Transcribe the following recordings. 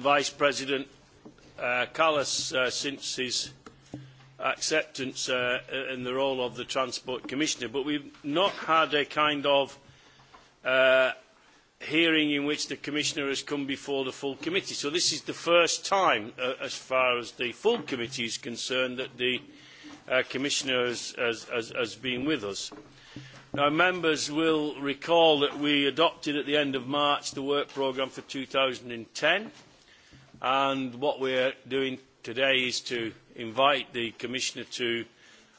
Vice President uh, Callas uh, since his acceptance uh, in the role of the Transport Commissioner, but we've not had a kind of uh, hearing in which the Commissioner has come before the full committee. So this is the first time, uh, as far as the full committee is concerned, that the uh, Commissioner has, has, has, has been with us. Now, members will recall that we adopted at the end of March the work programme for 2010, and what we're doing today is to invite the Commissioner to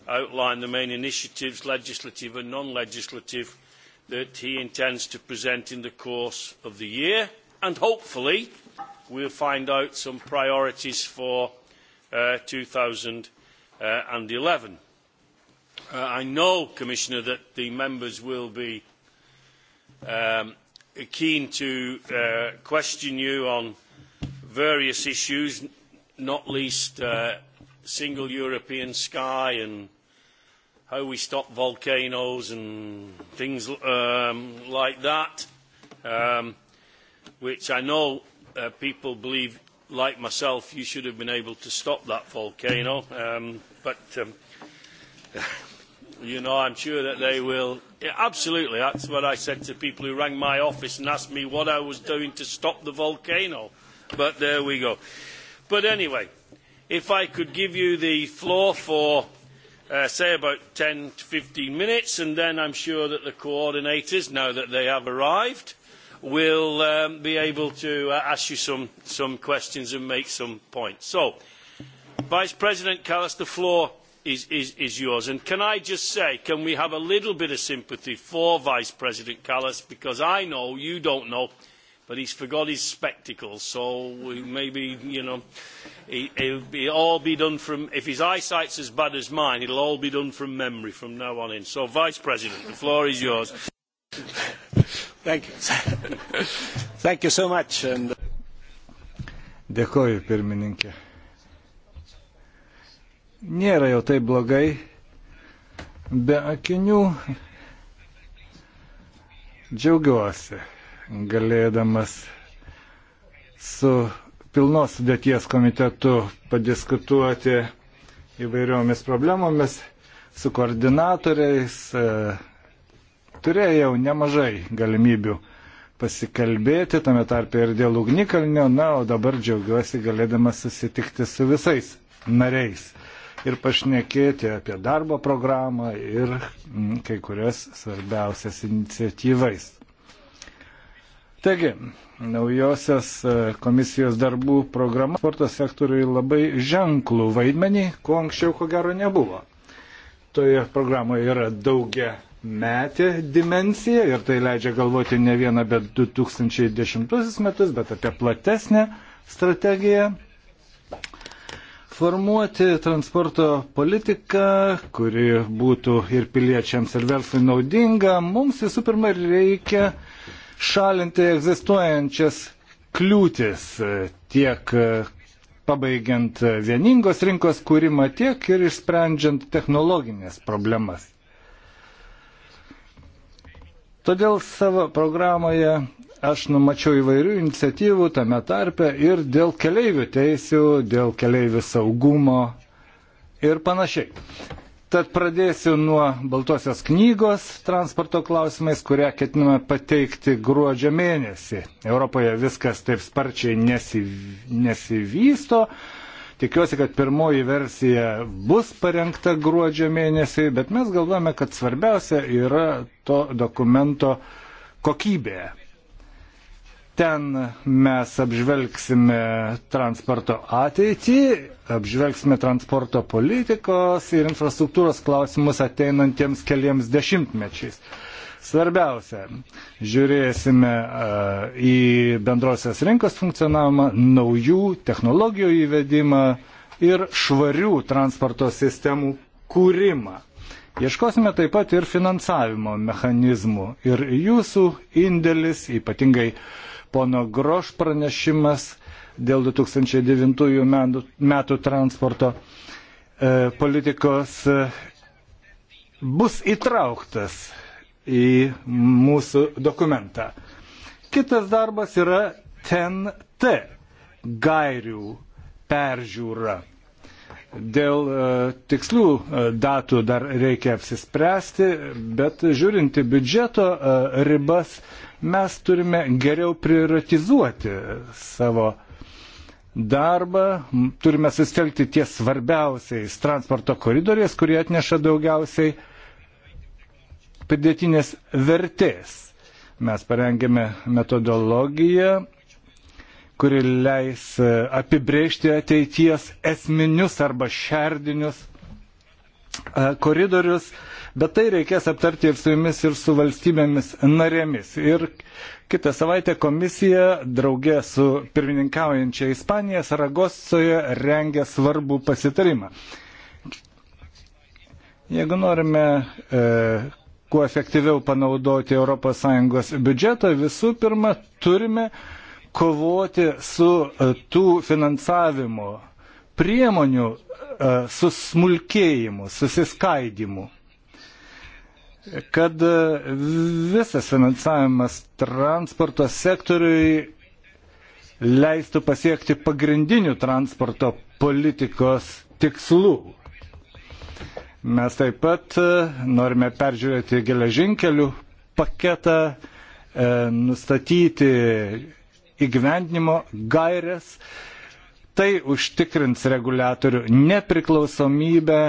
outline the main initiatives, legislative and non-legislative, that he intends to present in the course of the year. And hopefully, we'll find out some priorities for uh, 2011. Uh, uh, I know, Commissioner, that the members will be um, keen to uh, question you on uh, various issues, not least uh, single European sky and how we stop volcanoes and things um, like that, um, which I know uh, people believe, like myself, you should have been able to stop that volcano. Um, but, um, you know, I'm sure that they will. Yeah, absolutely, that's what I said to people who rang my office and asked me what I was doing to stop the volcano But there we go. But anyway, if I could give you the floor for, uh, say, about 10 to 15 minutes, and then I'm sure that the coordinators, now that they have arrived, will um, be able to uh, ask you some, some questions and make some points. So, Vice President Callas, the floor is, is, is yours. And can I just say, can we have a little bit of sympathy for Vice President Callas, because I know you don't know but he's forgot his spectacles, so maybe, you know, it, it'll, be, it'll all be done from, if his eyesight's as bad as mine, it'll all be done from memory from now on in. So, Vice President, the floor is yours. Thank you. Thank you so much. And... Uh, Dėkoju, pirmininkė. Nėra jau taip blogai. Be akinių džiaugiuosi galėdamas su pilnos sudėties komitetu padiskutuoti įvairiomis problemomis su koordinatoriais. E, turėjau nemažai galimybių pasikalbėti, tame tarpe ir dėl ugnikalnio, na, o dabar džiaugiuosi galėdamas susitikti su visais nariais ir pašnekėti apie darbo programą ir mm, kai kurias svarbiausias iniciatyvais. Taigi, naujosios e, komisijos darbų programa sporto sektoriui labai ženklų vaidmenį, ko anksčiau ko gero nebuvo. Toje programoje yra daugia metė dimensija ir tai leidžia galvoti ne vieną, bet 2010 metus, bet apie platesnę strategiją formuoti transporto politiką, kuri būtų ir piliečiams, ir verslui naudinga, mums visų pirma reikia šalinti egzistuojančias kliūtis e, tiek e, pabaigiant e, vieningos rinkos kūrimą, tiek ir išsprendžiant technologinės problemas. Todėl savo programoje aš numačiau įvairių iniciatyvų tame tarpe ir dėl keleivių teisių, dėl keleivių saugumo ir panašiai. Tad pradėsiu nuo Baltosios knygos transporto klausimais, kurią ketiname pateikti gruodžio mėnesį. Europoje viskas taip sparčiai nesiv... nesivysto. Tikiuosi, kad pirmoji versija bus parengta gruodžio mėnesį, bet mes galvojame, kad svarbiausia yra to dokumento kokybė. Ten mes apžvelgsime transporto ateitį, apžvelgsime transporto politikos ir infrastruktūros klausimus ateinantiems keliems dešimtmečiais. Svarbiausia, žiūrėsime e, į bendrosios rinkos funkcionavimą, naujų technologijų įvedimą ir švarių transporto sistemų kūrimą. Ieškosime taip pat ir finansavimo mechanizmų ir jūsų indėlis, ypatingai uh, pono Groš pranešimas dėl 2009 metų, metų transporto e, politikos e, bus įtrauktas į mūsų dokumentą. Kitas darbas yra TEN-T gairių peržiūra. Dėl e, tikslių e, datų dar reikia apsispręsti, bet žiūrinti biudžeto e, ribas, e, Mes turime geriau prioritizuoti savo darbą, turime sustelkti ties svarbiausiais transporto koridoriais, kurie atneša daugiausiai pridėtinės vertės. Mes parengėme metodologiją, kuri leis apibrėžti ateities esminius arba šerdinius e, koridorius Bet tai reikės aptarti ir su jumis, ir su valstybėmis narėmis. Ir kitą savaitę komisija draugė su pirmininkaujančia Ispanija Saragosoje rengia svarbų pasitarimą. Jeigu norime e, kuo efektyviau panaudoti ES biudžetą, visų pirma, turime kovoti su e, tų finansavimo priemonių e, susmulkėjimu, susiskaidimu kad visas finansavimas transporto sektoriui leistų pasiekti pagrindinių transporto politikos tikslų. Mes taip pat e, norime peržiūrėti geležinkelių paketą, e, nustatyti įgyvendinimo gairias. Tai užtikrins reguliatorių nepriklausomybę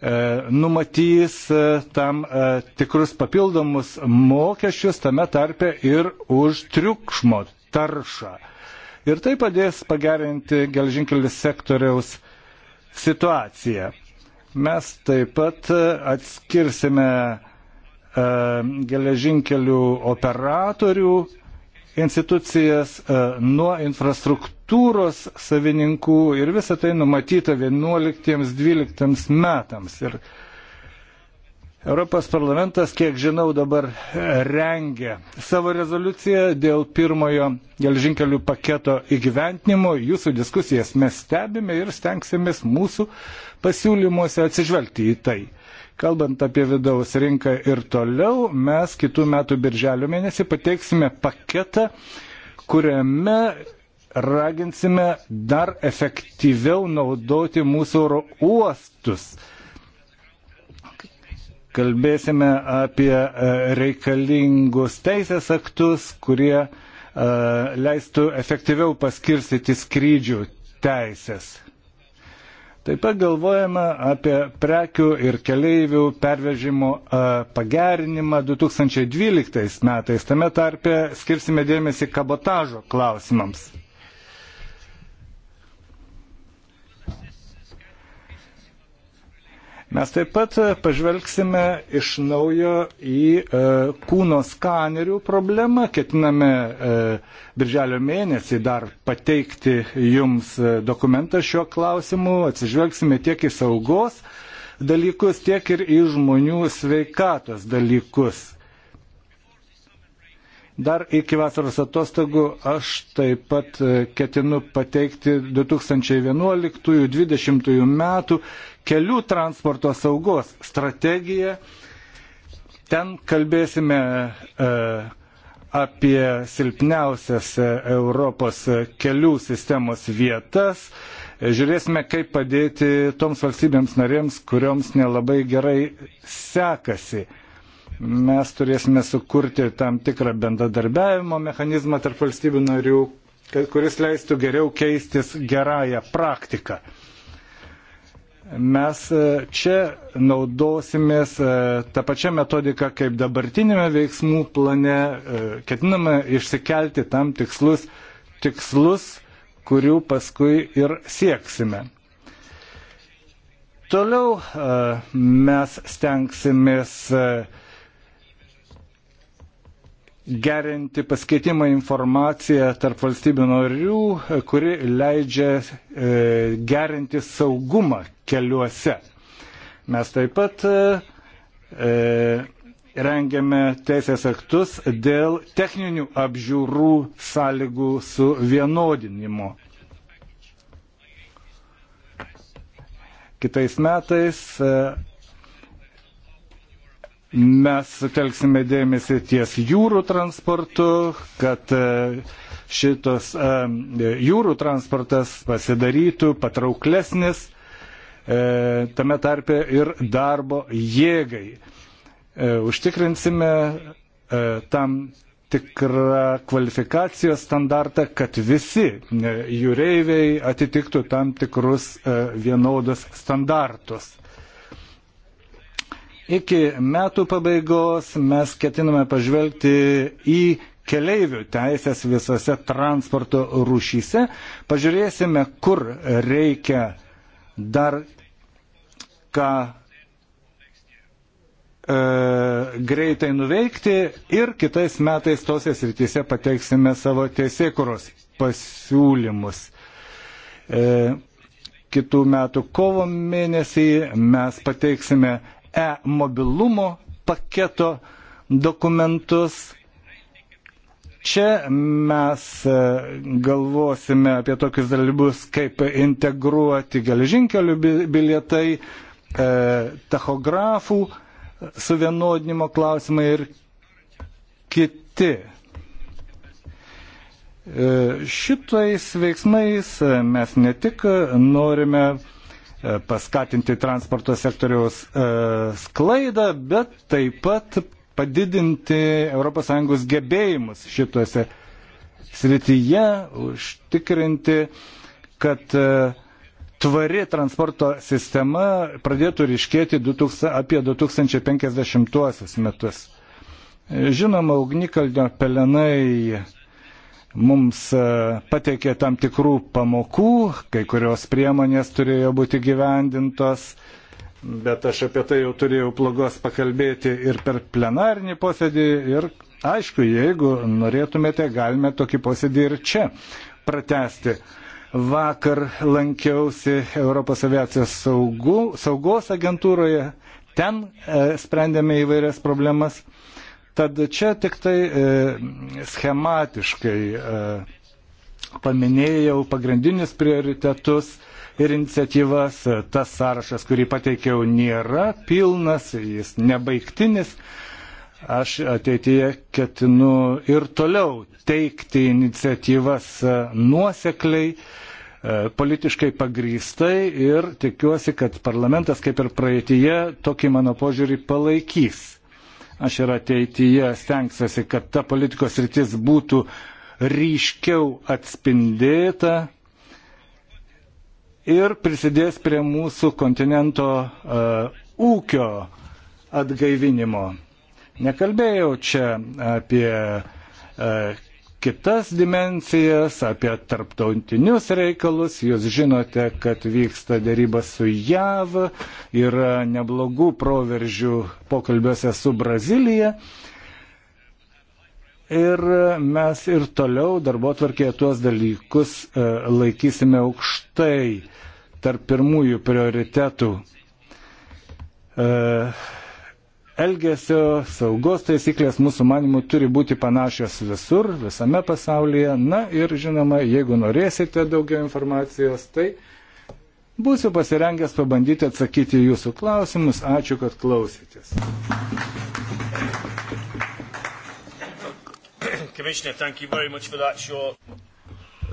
E, numatys e, tam e, tikrus papildomus mokesčius, tame tarpe ir už triukšmo taršą. Ir tai padės pagerinti gelžinkelis sektoriaus situaciją. Mes taip pat atskirsime geležinkelių operatorių institucijas nuo infrastruktūros agentūros savininkų ir visa tai numatyta 11-12 metams. Ir Europos parlamentas, kiek žinau, dabar rengia savo rezoliuciją dėl pirmojo gelžinkelių paketo įgyventinimo. Jūsų diskusijas mes stebime ir stengsimės mūsų pasiūlymuose atsižvelgti į tai. Kalbant apie vidaus rinką ir toliau, mes kitų metų birželio mėnesį pateiksime paketą, kuriame raginsime dar efektyviau naudoti mūsų oro uostus. Kalbėsime apie e, reikalingus teisės aktus, kurie e, leistų efektyviau paskirstyti skrydžių teisės. Taip pat galvojame apie prekių ir keleivių pervežimo e, pagerinimą 2012 metais. Tame tarpe skirsime dėmesį kabotažo klausimams. Mes taip pat e, pažvelgsime iš naujo į e, kūno skanerių problemą. Ketiname e, birželio mėnesį dar pateikti jums e, dokumentą šiuo klausimu. Atsižvelgsime tiek į saugos dalykus, tiek ir į žmonių sveikatos dalykus. Dar iki vasaros atostogų aš taip pat e, ketinu pateikti 2011-2020 metų kelių transporto saugos strategiją. Ten kalbėsime e, apie silpniausias e, Europos kelių sistemos vietas. E, žiūrėsime, kaip padėti toms valstybėms narėms, kurioms nelabai gerai sekasi mes turėsime sukurti tam tikrą bendradarbiavimo mechanizmą tarp valstybių narių, kuris leistų geriau keistis gerąją praktiką mes e, čia naudosimės e, tą pačią metodiką kaip dabartinėme veiksmų plane, e, ketiname išsikelti tam tikslus, tikslus, kurių paskui ir sieksime. Toliau mes stengsimės gerinti paskaitimą informaciją tarp valstybių narių, kuri leidžia e, gerinti saugumą keliuose. Mes taip pat e, e, rengiame teisės aktus dėl techninių apžiūrų sąlygų suvienodinimo. Kitais metais Mes sutelksime dėmesį ties jūrų transportu, kad e, šitas e, jūrų transportas pasidarytų patrauklesnis e, tame tarpe ir darbo jėgai. Užtikrinsime tam tikrą kvalifikacijos standartą, kad visi jūreiviai atitiktų tam tikrus vienodus standartus. Iki metų pabaigos mes ketiname pažvelgti į keleivių teisės visose transporto rūšyse. Pažiūrėsime, kur reikia dar ką e, greitai nuveikti ir kitais metais tose srityse pateiksime savo teisėkuros pasiūlymus. E, kitų metų kovo mėnesį mes pateiksime e-mobilumo paketo dokumentus. Čia mes e, galvosime apie tokius dalykus, kaip integruoti geležinkelių bilietai, e, tachografų suvienodinimo klausimai ir kiti. E, šitais veiksmais mes ne tik norime E, paskatinti transporto sektoriaus e, sklaidą, bet taip pat padidinti ES gebėjimus šituose srityje, užtikrinti, kad e, tvari transporto sistema pradėtų ryškėti 2000, apie 2050 metus. Žinoma, ugnikalnio pelenai mums e, pateikė tam tikrų pamokų, kai kurios priemonės turėjo būti gyvendintos, bet aš apie tai jau turėjau blogos pakalbėti ir per plenarnį posėdį ir aišku, jeigu norėtumėte, galime tokį posėdį ir čia pratesti. Vakar lankiausi Europos aviacijos saugų, saugos agentūroje, ten e, sprendėme įvairias problemas. Tad čia tik tai e, schematiškai e, paminėjau pagrindinius prioritetus ir iniciatyvas. Tas sąrašas, kurį pateikiau, nėra pilnas, jis nebaigtinis. Aš ateityje ketinu ir toliau teikti iniciatyvas e, nuosekliai, e, politiškai pagrystai ir tikiuosi, kad parlamentas, kaip ir praeitie, tokį mano požiūrį palaikys. Aš ir ateityje stengsiuosi, kad ta politikos rytis būtų ryškiau atspindėta ir prisidės prie mūsų kontinento uh, ūkio atgaivinimo. Nekalbėjau čia apie uh, kitas dimensijas, apie tarptautinius reikalus. Jūs žinote, kad vyksta dėryba su JAV, yra neblogų proveržių pokalbiuose su Brazilija. Ir mes ir toliau darbo tvarkėje tuos dalykus e, laikysime aukštai tarp pirmųjų prioritetų. Uh, elgesio, saugos taisyklės mūsų manimų turi būti panašios visur, visame pasaulyje. Na ir žinoma, jeigu norėsite daugiau informacijos, tai būsiu pasirengęs pabandyti atsakyti jūsų klausimus. Ačiū, kad klausytės.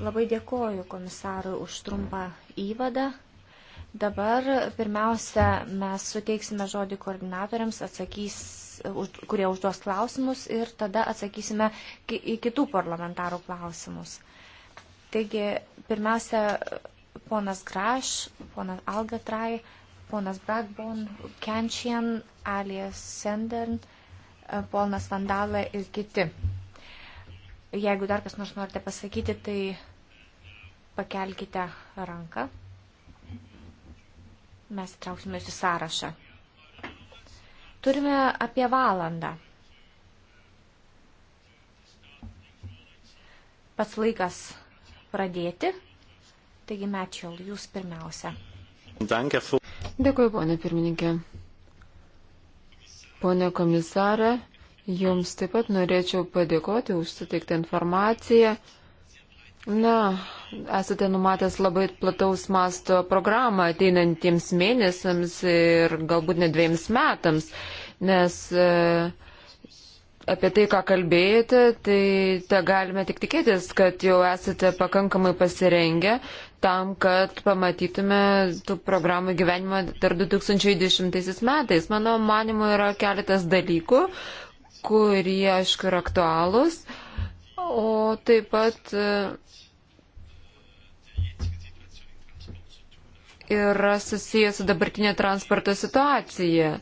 Labai dėkoju komisarui už trumpą įvadą. Dabar pirmiausia, mes suteiksime žodį koordinatoriams, atsakys, kurie užduos klausimus ir tada atsakysime į kitų parlamentarų klausimus. Taigi, pirmiausia, ponas Graš, ponas Algatrai, ponas Bradbon, Kenčian, Alijas Sendern, ponas Vandalė ir kiti. Jeigu dar kas nors norite pasakyti, tai pakelkite ranką. Mes trauksime jūs į sąrašą. Turime apie valandą. Pats laikas pradėti. Taigi, Mečiol, jūs pirmiausia. Dėkuoju, ponė pirmininkė. Pone komisarė, jums taip pat norėčiau padėkoti už suteiktą informaciją. Na, esate numatęs labai plataus masto programą ateinantiems mėnesiams ir galbūt net dviems metams, nes e, apie tai, ką kalbėjote, tai te galime tik tikėtis, kad jau esate pakankamai pasirengę tam, kad pamatytume tų programų gyvenimą dar 2020 metais. Mano manimo yra keletas dalykų, kurie, aišku, yra aktualūs o taip pat e, yra susijęs su dabartinė transporto situacija.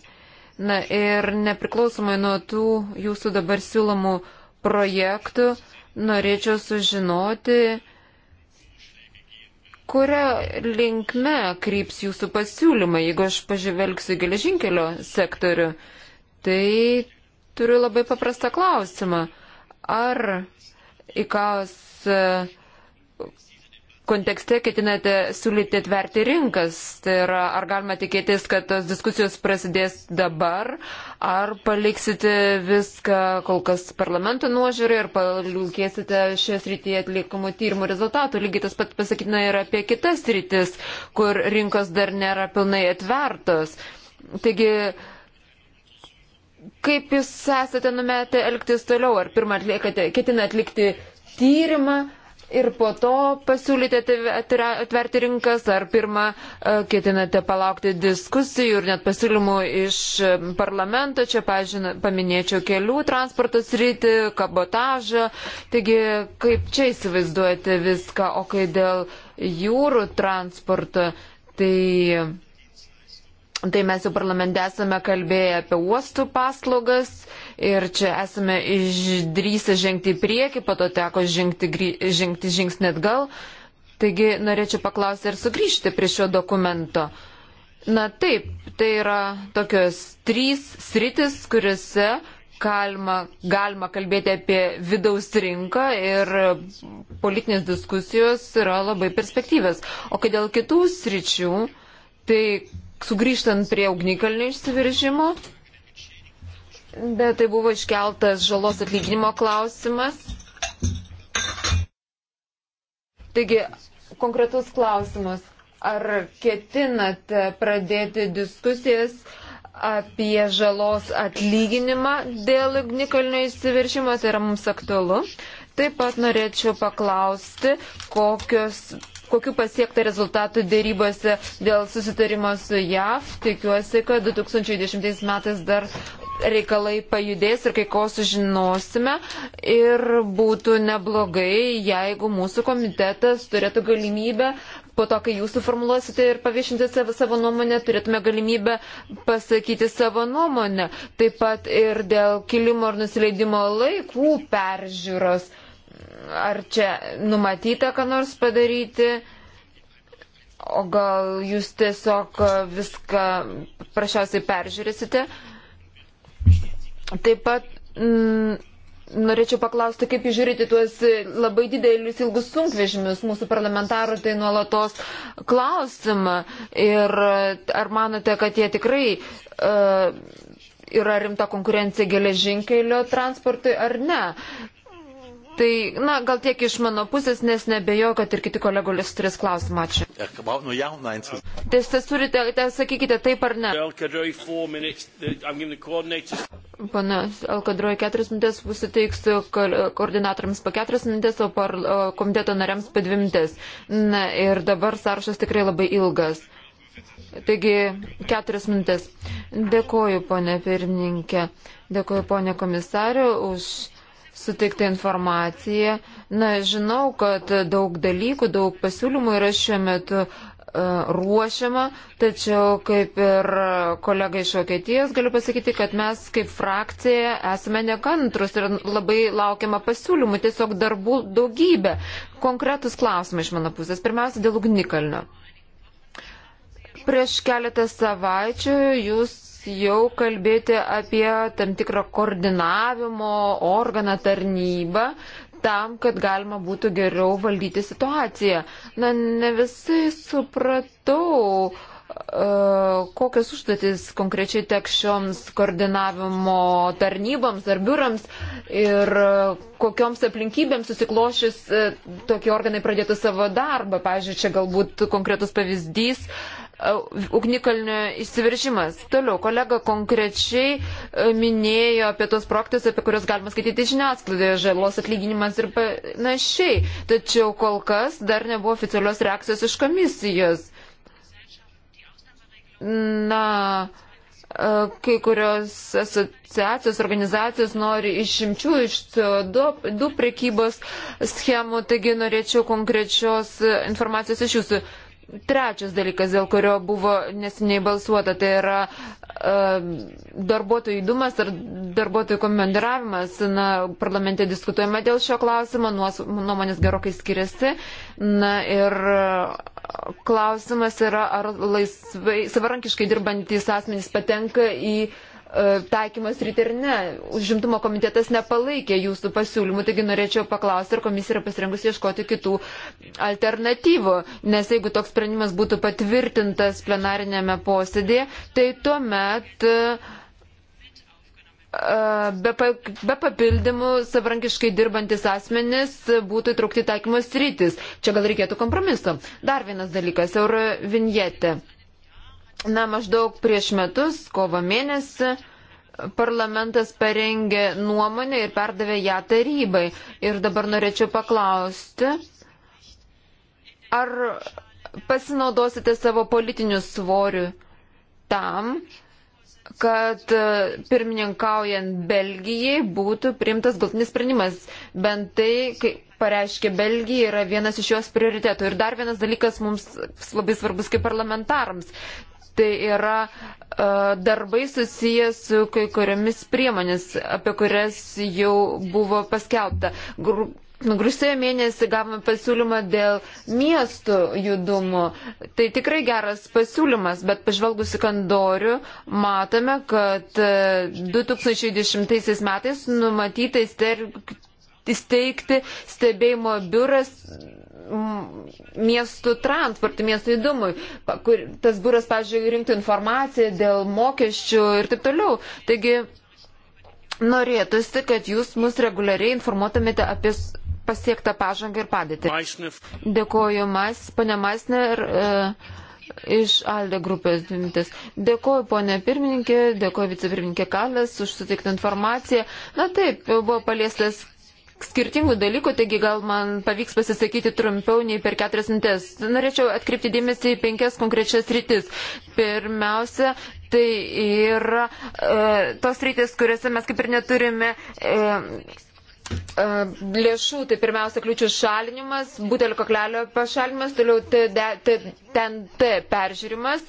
Na ir nepriklausomai nuo tų jūsų dabar siūlomų projektų, norėčiau sužinoti, kuria linkme kryps jūsų pasiūlymai. Jeigu aš pažvelgsiu į geležinkelio sektorių, tai turiu labai paprastą klausimą. Ar IKAOS e, kontekste ketinate siūlyti atverti rinkas. Tai yra, ar galima tikėtis, kad tos diskusijos prasidės dabar, ar paliksite viską kol kas parlamento nuožiūrį ir palikėsite šios rytyje atlikamų tyrimų rezultatų. Lygiai tas pat pasakytina ir apie kitas rytis, kur rinkos dar nėra pilnai atvertos. Taigi, Kaip jūs esate numetę elgtis toliau? Ar pirmą atliekate, ketina atlikti tyrimą ir po to pasiūlyti atverti rinkas, ar pirmą e, ketinate palaukti diskusijų ir net pasiūlymų iš e, parlamento, čia pažin, paminėčiau kelių transporto sritį, kabotažą, taigi kaip čia įsivaizduojate viską, o kai dėl jūrų transporto, tai Tai mes jau parlamente esame kalbėję apie uostų paslaugas ir čia esame išdrysę žengti į priekį, po to teko žengti, žengti žingsnį atgal. Taigi norėčiau paklausti ir sugrįžti prie šio dokumento. Na taip, tai yra tokios trys sritis, kuriuose galima, galima kalbėti apie vidaus rinką ir politinės diskusijos yra labai perspektyvės. O kai dėl kitų sričių, tai sugrįžtant prie ugnikalnių išsiveržimo, bet tai buvo iškeltas žalos atlyginimo klausimas. Taigi, konkretus klausimas. Ar ketinate pradėti diskusijas apie žalos atlyginimą dėl ugnikalnio įsiveršimo, tai yra mums aktualu. Taip pat norėčiau paklausti, kokios kokiu pasiekta rezultatų dėrybose dėl susitarimo su JAV. Tikiuosi, kad 2010 metais dar reikalai pajudės ir kai ko sužinosime. Ir būtų neblogai, jeigu mūsų komitetas turėtų galimybę po to, kai jūs suformuluosite ir paviešinti savo, savo nuomonę, turėtume galimybę pasakyti savo nuomonę. Taip pat ir dėl kilimo ar nusileidimo laikų peržiūros. Ar čia numatyta, ką nors padaryti? O gal jūs tiesiog viską prašiausiai peržiūrėsite? Taip pat m, mm, norėčiau paklausti, kaip jūs žiūrite tuos labai didelius ilgus sunkvežimius. Mūsų parlamentarų tai nuolatos klausimą. Ir ar manote, kad jie tikrai uh, yra rimta konkurencija geležinkelio transportui ar ne? Tai, na, gal tiek iš mano pusės, nes nebejoju, kad ir kiti kolegos turės klausimą. Ačiū. Tai Tiesiog turite, tai sakykite taip ar ne. Pana Alkadroje keturias minutės susiteiksiu koordinatoriams po keturias minutės, o par, o, komiteto nariams po dvi minutės. Na ir dabar sąrašas tikrai labai ilgas. Taigi, keturias minutės. Dėkoju, ponė pirmininkė. Dėkoju, ponė komisarė, už suteiktą informaciją. Na, žinau, kad daug dalykų, daug pasiūlymų yra šiuo metu e, ruošiama, tačiau kaip ir kolega iš Vokietijos galiu pasakyti, kad mes kaip frakcija esame nekantrus ir labai laukiama pasiūlymų, tiesiog darbų daugybė. Konkretus klausimai iš mano pusės. Pirmiausia, dėl ugnikalnio. Prieš keletą savaičių jūs jau kalbėti apie tam tikrą koordinavimo organą tarnybą tam, kad galima būtų geriau valdyti situaciją. Na, ne visai supratau, e, kokios užduotis konkrečiai tek šioms koordinavimo tarnyboms ar biurams ir kokioms aplinkybėms susiklošis e, tokie organai pradėtų savo darbą. Pavyzdžiui, čia galbūt konkretus pavyzdys ugnikalnio išsiveržimas. Toliau, kolega konkrečiai e, minėjo apie tos projektus, apie kuriuos galima skaityti žiniasklaidoje, žalos atlyginimas ir panašiai. Tačiau kol kas dar nebuvo oficialios reakcijos iš komisijos. Na, e, kai kurios asociacijos, organizacijos nori išimčių iš CO2 prekybos schemų, taigi norėčiau konkrečios informacijos iš jūsų trečias dalykas, dėl kurio buvo nesiniai balsuota, tai yra e, darbuotojų įdumas ar darbuotojų komendiravimas. Na, parlamente diskutuojama dėl šio klausimo, nuomonės gerokai skiriasi. Na ir e, klausimas yra, ar laisvai, savarankiškai dirbantis asmenys patenka į uh, E, taikymas ryte ir ne. Užimtumo komitetas nepalaikė jūsų pasiūlymų, taigi norėčiau paklausti, ar komisija yra pasirengusi ieškoti kitų alternatyvų, nes jeigu toks sprendimas būtų patvirtintas plenarinėme posėdėje, tai tuomet e, e, be, be papildymų savrankiškai dirbantis asmenis būtų įtraukti taikymos rytis. Čia gal reikėtų kompromiso. Dar vienas dalykas - euro vinjetė. Na, maždaug prieš metus, kovo mėnesį, parlamentas parengė nuomonę ir perdavė ją tarybai. Ir dabar norėčiau paklausti, ar pasinaudosite savo politiniu svoriu tam, kad e, pirmininkaujant Belgijai būtų priimtas galtinis sprendimas. Bent tai, kaip pareiškė Belgija, yra vienas iš jos prioritetų. Ir dar vienas dalykas mums labai svarbus kaip parlamentarams tai yra e, darbai susijęs su kai kuriomis priemonės, apie kurias jau buvo paskelbta. Gru... Nu, Grusėjo mėnesį gavome pasiūlymą dėl miestų judumo. Tai tikrai geras pasiūlymas, bet pažvelgus į kandorių, matome, kad 2010 e, metais numatyta įsteigti stebėjimo biuras miestų transportui, miestų įdomui, kur tas biuras, pavyzdžiui, rinktų informaciją dėl mokesčių ir taip toliau. Taigi norėtųsi, kad jūs mus reguliariai informuotumėte apie pasiektą pažangą ir padėtį. Dėkoju, mas, pane Masner. E, Iš Alde grupės dvi mintis. Dėkuoju ponė pirmininkė, dėkuoju vicepirmininkė Kalės už suteiktą informaciją. Na taip, buvo paliestas skirtingų dalykų, taigi gal man pavyks pasisakyti trumpiau nei per keturias mintis. Norėčiau atkreipti dėmesį į penkias konkrečias rytis. Pirmiausia, tai yra e, tos rytis, kuriuose mes kaip ir neturime. E, lėšų, tai pirmiausia kliūčių šalinimas, butelio koklelio pašalinimas, toliau TNT peržiūrimas.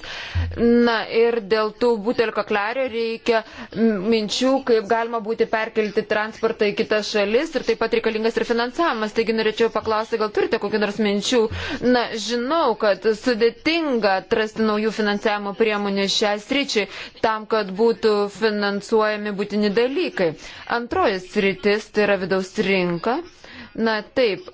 Na ir dėl tų butelio koklelio reikia minčių, kaip galima būti perkelti transportą į kitas šalis ir taip pat reikalingas ir finansavimas. Taigi norėčiau paklausti, gal turite kokį nors minčių. Na, žinau, kad sudėtinga atrasti naujų finansavimo priemonių šią sričiai tam, kad būtų finansuojami būtini dalykai. Antroji sritis tai yra vidaus rinką. Na taip,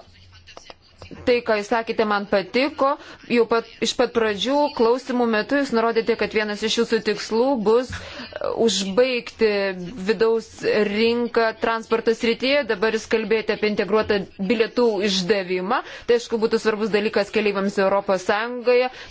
tai, ką jūs sakėte, man patiko. Jau pat, iš pat pradžių klausimų metu jūs nurodėte, kad vienas iš jūsų tikslų bus užbaigti vidaus rinką transportos rytyje, dabar jūs kalbėjote apie integruotą bilietų išdavimą, tai aišku būtų svarbus dalykas keliaiviams ES,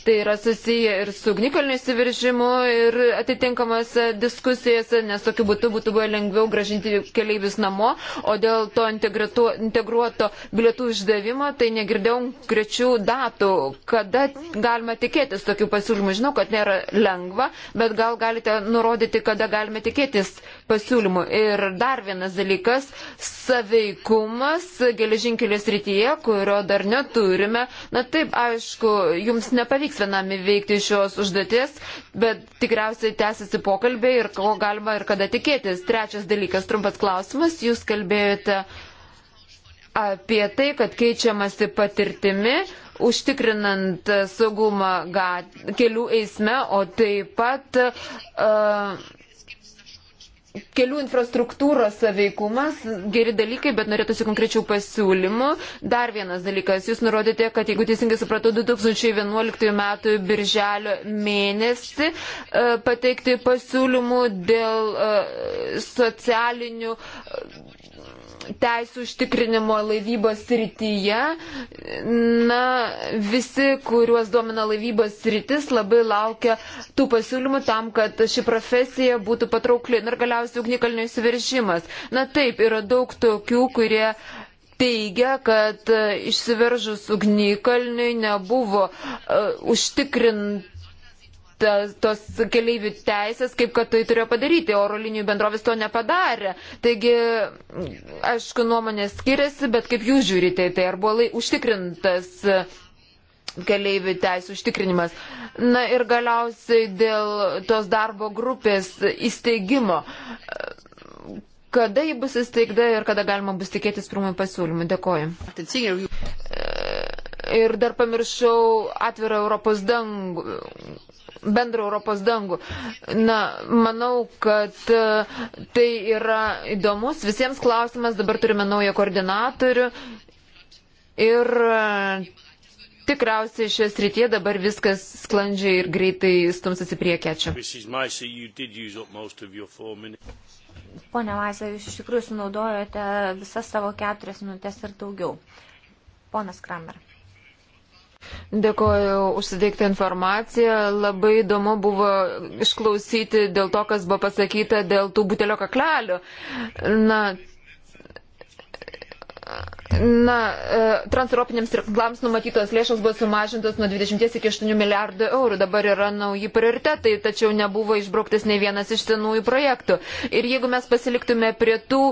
tai yra susiję ir su ugnikalniais įviržimu ir atitinkamose diskusijose, nes tokiu būtų būtų buvo lengviau gražinti keliaivius namo, o dėl to integruoto bilietų išdavimo, tai negirdėjau grečių datų, kada galima tikėtis tokių pasiūlymų. Žinau, kad nėra lengva, bet gal galite nurodyti nustatyti, kada galime tikėtis pasiūlymų. Ir dar vienas dalykas - saveikumas geležinkelės rytyje, kurio dar neturime. Na taip, aišku, jums nepavyks vienam įveikti šios užduoties, bet tikriausiai tęsiasi pokalbė ir ko galima ir kada tikėtis. Trečias dalykas - trumpas klausimas. Jūs kalbėjote apie tai, kad keičiamasi patirtimi užtikrinant saugumą kelių eisme, o taip pat uh, kelių infrastruktūros saveikumas, geri dalykai, bet norėtųsi konkrečių pasiūlymų. Dar vienas dalykas, jūs nurodėte, kad jeigu teisingai supratau, 2011 m. birželio mėnesį pateikti pasiūlymų dėl socialinių teisų užtikrinimo laivybos srityje. Na, visi, kuriuos domina laivybos sritis, labai laukia tų pasiūlymų tam, kad ši profesija būtų patraukli. Ir galiausiai ugnikalnio įsiveržimas. Na taip, yra daug tokių, kurie teigia, kad išsiveržus ugnikalniui nebuvo uh, e, užtikrinti tas, tos keleivių teisės, kaip kad tai turėjo padaryti. Oro linijų bendrovės to nepadarė. Taigi, aišku, nuomonės skiriasi, bet kaip jūs žiūrite, tai ar buvo lai užtikrintas keleivių teisų užtikrinimas. Na ir galiausiai dėl tos darbo grupės įsteigimo. Kada ji bus įsteigta ir kada galima bus tikėtis pirmųjų pasiūlymų? Dėkoju. Ir dar pamiršau atvirą Europos dangų bendrą Europos dangų. Na, manau, kad e, tai yra įdomus visiems klausimas. Dabar turime naują koordinatorių ir e, tikriausiai šioje srityje dabar viskas sklandžiai ir greitai stumsis į priekį. Ačiū. Pone Maisa, jūs iš tikrųjų sunaudojote visas savo keturias minutės ir daugiau. Ponas Kramer. Dėkoju užsidėktą informaciją. Labai įdomu buvo išklausyti dėl to, kas buvo pasakyta dėl tų butelio kaklelių. Na, Na, e, transeuropiniams tinklams numatytos lėšos buvo sumažintos nuo 20 iki 8 milijardų eurų. Dabar yra nauji prioritetai, tačiau nebuvo išbrauktas ne vienas iš senųjų projektų. Ir jeigu mes pasiliktume prie tų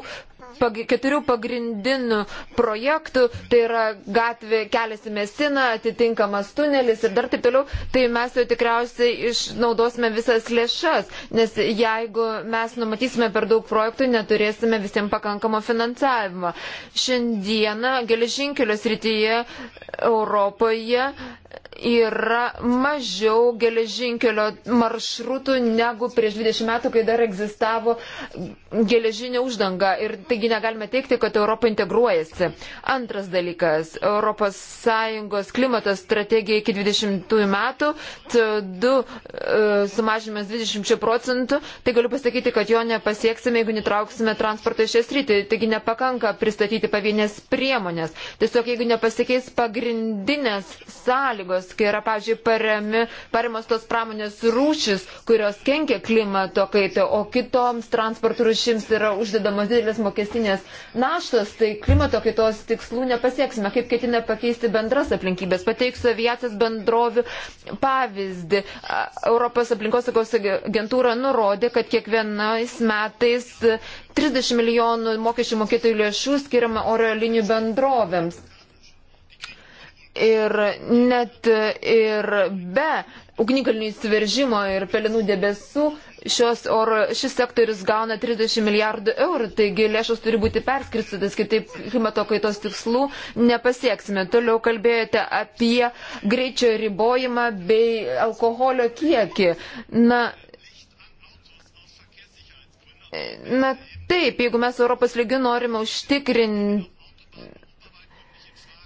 keturių pagrindinių projektų, tai yra gatvė kelias į Mesiną, atitinkamas tunelis ir dar taip toliau, tai mes jau tikriausiai išnaudosime visas lėšas, nes jeigu mes numatysime per daug projektų, neturėsime visiems pakankamo finansavimo. Šiandieną geležinkelio srityje Europoje yra mažiau geležinkelio maršrutų negu prieš 20 metų, kai dar egzistavo geležinė uždanga. Ir taigi negalime teikti, kad Europa integruojasi. Antras dalykas - ES klimatos strategija iki 20 metų, CO2 e, sumažinimas 20 procentų. Tai galiu pasakyti, kad jo nepasieksime, jeigu netrauksime transportą iš šias rytį. Taigi nepakanka pristatyti pavienės priemonės. Tiesiog jeigu nepasikeis pagrindinės sąlygos, klausimas, kai yra, pavyzdžiui, paremi, paremos tos pramonės rūšis, kurios kenkia klimato kaitą, o kitoms transporto rūšims yra uždedamos didelės mokestinės naštos, tai klimato kaitos tikslų nepasieksime. Kaip ketina pakeisti bendras aplinkybės? Pateiksiu aviacijos bendrovių pavyzdį. Europos aplinkosaugos agentūra nurodė, kad kiekvienais metais 30 milijonų mokesčių mokėtojų lėšų skiriama oro linijų bendrovėms ir net ir be ugnikalnių įsiveržimo ir pelinų debesų šios oro, šis sektorius gauna 30 milijardų eurų, taigi lėšos turi būti perskirstytas, kitaip klimato kaitos tikslų nepasieksime. Toliau kalbėjote apie greičio ribojimą bei alkoholio kiekį. Na, na taip, jeigu mes Europos lygių norime užtikrinti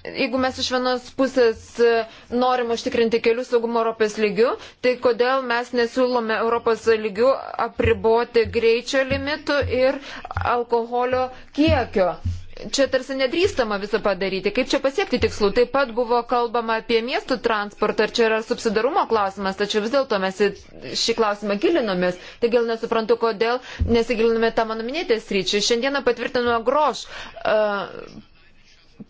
jeigu mes iš vienos pusės e, norim užtikrinti kelių saugumą Europos lygių, tai kodėl mes nesiūlome Europos lygių apriboti greičio limitų ir alkoholio kiekio? Čia tarsi nedrįstama viso padaryti. Kaip čia pasiekti tikslų? Taip pat buvo kalbama apie miestų transportą, ar čia yra subsidarumo klausimas, tačiau vis dėlto mes šį klausimą gilinomės. Taigi gal nesuprantu, kodėl nesigilinome tą mano minėtės ryčių. Šiandieną patvirtino Groš uh,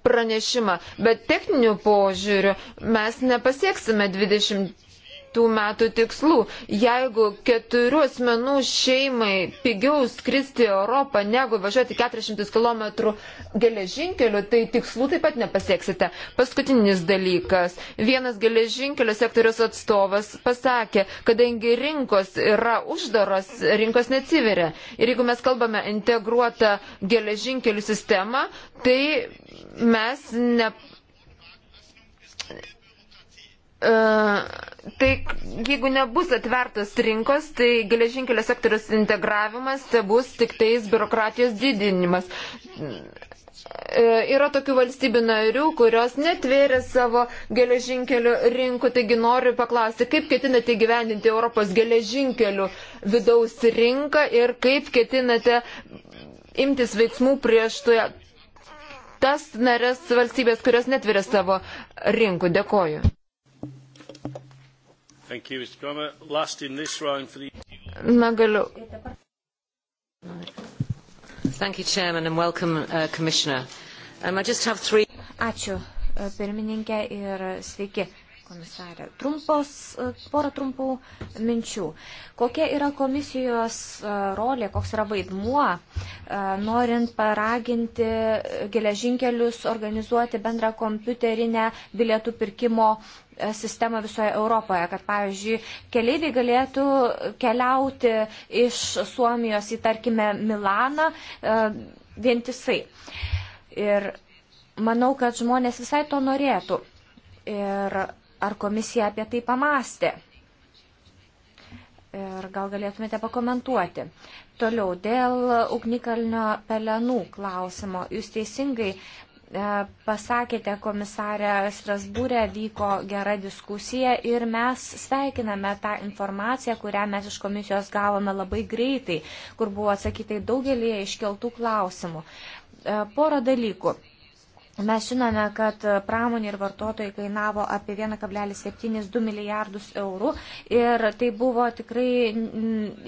pranešimą, bet techniniu požiūriu mes nepasieksime 20 tų metų tikslų. Jeigu keturių asmenų šeimai pigiau skristi Europą negu važiuoti 400 km geležinkeliu, tai tikslų taip pat nepasieksite. Paskutinis dalykas. Vienas geležinkelio sektorius atstovas pasakė, kadangi rinkos yra uždaros, rinkos neatsiveria. Ir jeigu mes kalbame integruotą geležinkelių sistemą, tai mes ne Tai jeigu nebus atvertas rinkos, tai geležinkelio sektoriaus integravimas tai bus tik tais biurokratijos didinimas. Yra tokių valstybių narių, kurios netvėrė savo geležinkelių rinkų, taigi noriu paklausti, kaip ketinate gyvendinti Europos geležinkelių vidaus rinką ir kaip ketinate imtis veiksmų prieš toje, tas narės valstybės, kurios netvėrė savo rinkų. Dėkoju. Na galiu. Thank you, Chairman, and welcome, uh, Commissioner. Um, I just have three... Ačiū, uh, pirmininkė, ir uh, sveiki komisarė. Trumpos, e, porą trumpų minčių. Kokia yra komisijos e, rolė, koks yra vaidmuo, e, norint paraginti geležinkelius organizuoti bendrą kompiuterinę bilietų pirkimo sistemą visoje Europoje, kad pavyzdžiui, keleiviai galėtų keliauti iš Suomijos į, tarkime, Milaną vientisai. Ir manau, kad žmonės visai to norėtų. Ir Ar komisija apie tai pamastė? Ir gal galėtumėte pakomentuoti. Toliau, dėl ugnikalnio pelenų klausimo. Jūs teisingai e, pasakėte, komisarė Strasbūrė vyko gera diskusija ir mes sveikiname tą informaciją, kurią mes iš komisijos gavome labai greitai, kur buvo atsakytai daugelį iškeltų klausimų. E, porą dalykų. Mes žinome, kad pramonė ir vartotojai kainavo apie 1,72 milijardus eurų ir tai buvo tikrai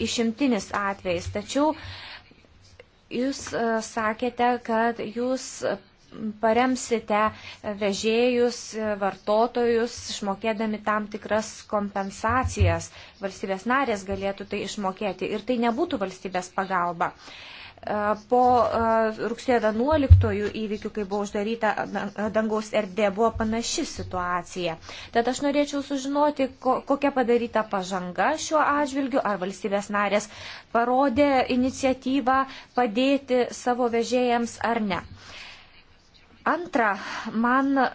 išimtinis atvejs. Tačiau jūs e, sakėte, kad jūs paremsite vežėjus, e, vartotojus, išmokėdami tam tikras kompensacijas. Valstybės narės galėtų tai išmokėti ir tai nebūtų valstybės pagalba. Uh, E, po e, rugsėjo 11 įvykių, kai buvo uždaryta dangaus erdė, buvo panaši situacija. Tad aš norėčiau sužinoti, kokia padaryta pažanga šiuo atžvilgiu, ar valstybės narės parodė iniciatyvą padėti savo vežėjams ar ne. Uh, Antra, man e,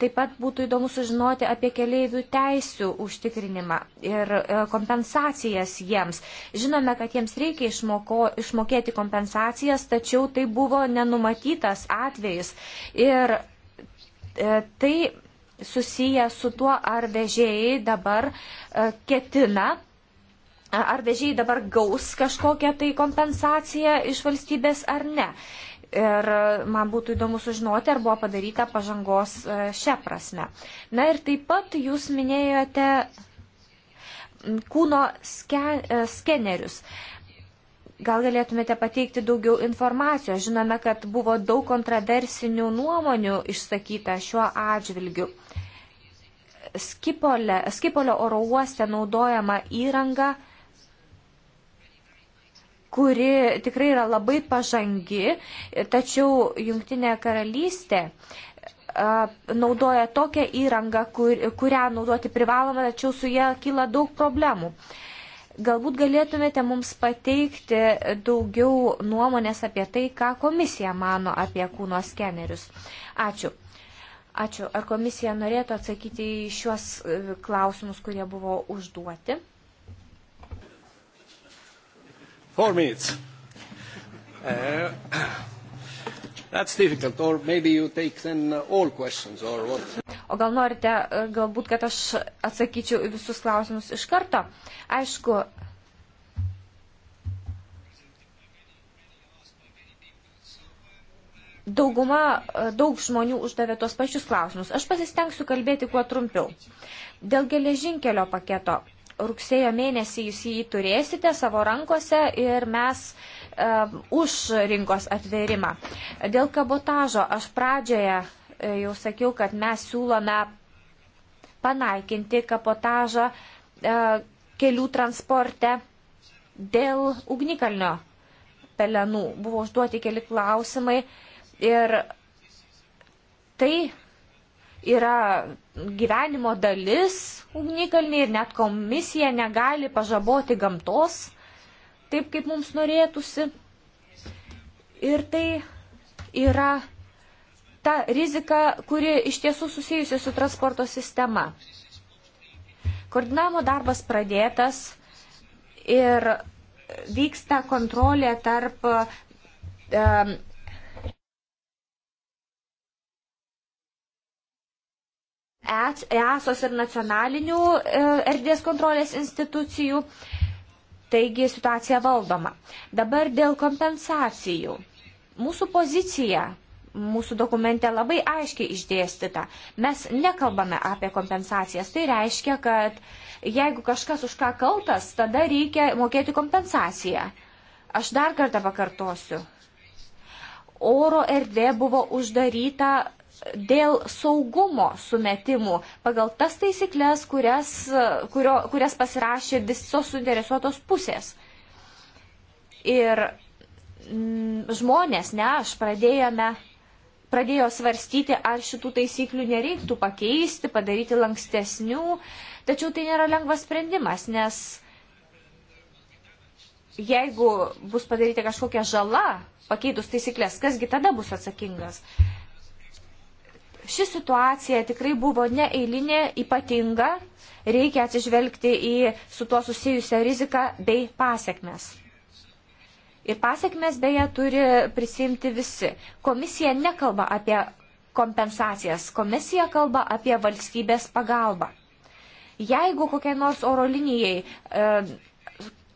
taip pat būtų įdomu sužinoti apie keleivių teisų užtikrinimą ir e, kompensacijas jiems. Žinome, kad jiems reikia išmoko, išmokėti kompensacijas, tačiau tai buvo nenumatytas atvejis. Ir e, tai susiję su tuo, ar vežėjai dabar e, ketina ar vežėjai dabar gaus kažkokią tai kompensaciją iš valstybės ar ne. Ir e, man būtų įdomu sužinoti, ar buvo padaryta pažangos e, šią prasme. Na ir taip pat jūs minėjote kūno ske, e, skenerius. Gal galėtumėte pateikti daugiau informacijos? Žinome, kad buvo daug kontroversinių nuomonių išsakyta šiuo atžvilgiu. Skipolė, Skipolio oro uoste naudojama įranga kuri tikrai yra labai pažangi, tačiau Junktinė karalystė naudoja tokią įrangą, kur, kurią naudoti privalome, tačiau su ją kyla daug problemų. Galbūt galėtumėte mums pateikti daugiau nuomonės apie tai, ką komisija mano apie kūno skenerius. Ačiū. Ačiū. Ar komisija norėtų atsakyti į šiuos e, klausimus, kurie buvo užduoti? Four minutes. Uh, that's difficult. Or maybe you take then uh, all questions or what? O gal norite, uh, galbūt, kad aš atsakyčiau visus klausimus iš karto? Aišku, dauguma, uh, daug žmonių uždavė tos pačius klausimus. Aš pasistengsiu kalbėti kuo trumpiau. Dėl geležinkelio paketo rugsėjo mėnesį jūs jį turėsite savo rankose ir mes e, už rinkos atvėrimą. Dėl kabotažo aš pradžioje e, jau sakiau, kad mes siūlome panaikinti kabotažą e, kelių transporte dėl ugnikalnio pelenų. Buvo užduoti keli klausimai ir tai yra gyvenimo dalis ugnikalniai ir net komisija negali pažaboti gamtos taip, kaip mums norėtųsi. Ir tai yra ta rizika, kuri iš tiesų susijusi su transporto sistema. Koordinavimo darbas pradėtas ir vyksta kontrolė tarp e, EASOS ir nacionalinių e, erdvės kontrolės institucijų. Taigi situacija valdoma. Dabar dėl kompensacijų. Mūsų pozicija mūsų dokumente labai aiškiai išdėstyta. Mes nekalbame apie kompensacijas. Tai reiškia, kad jeigu kažkas už ką kaltas, tada reikia mokėti kompensaciją. Aš dar kartą pakartosiu. Oro erdvė buvo uždaryta dėl saugumo sumetimų pagal tas taisyklės, kurias, kurio, kurias pasirašė visos suinteresuotos pusės. Ir mm, žmonės, ne aš, pradėjome, pradėjo svarstyti, ar šitų taisyklių nereiktų pakeisti, padaryti lankstesnių, tačiau tai nėra lengvas sprendimas, nes jeigu bus padaryta kažkokia žala pakeitus taisyklės, kasgi tada bus atsakingas. Ši situacija tikrai buvo neeilinė, ypatinga, reikia atsižvelgti į su tuo susijusią riziką bei pasiekmes. Ir pasiekmes beje turi prisimti visi. Komisija nekalba apie kompensacijas, komisija kalba apie valstybės pagalbą. Jeigu kokiai nors oro linijai e,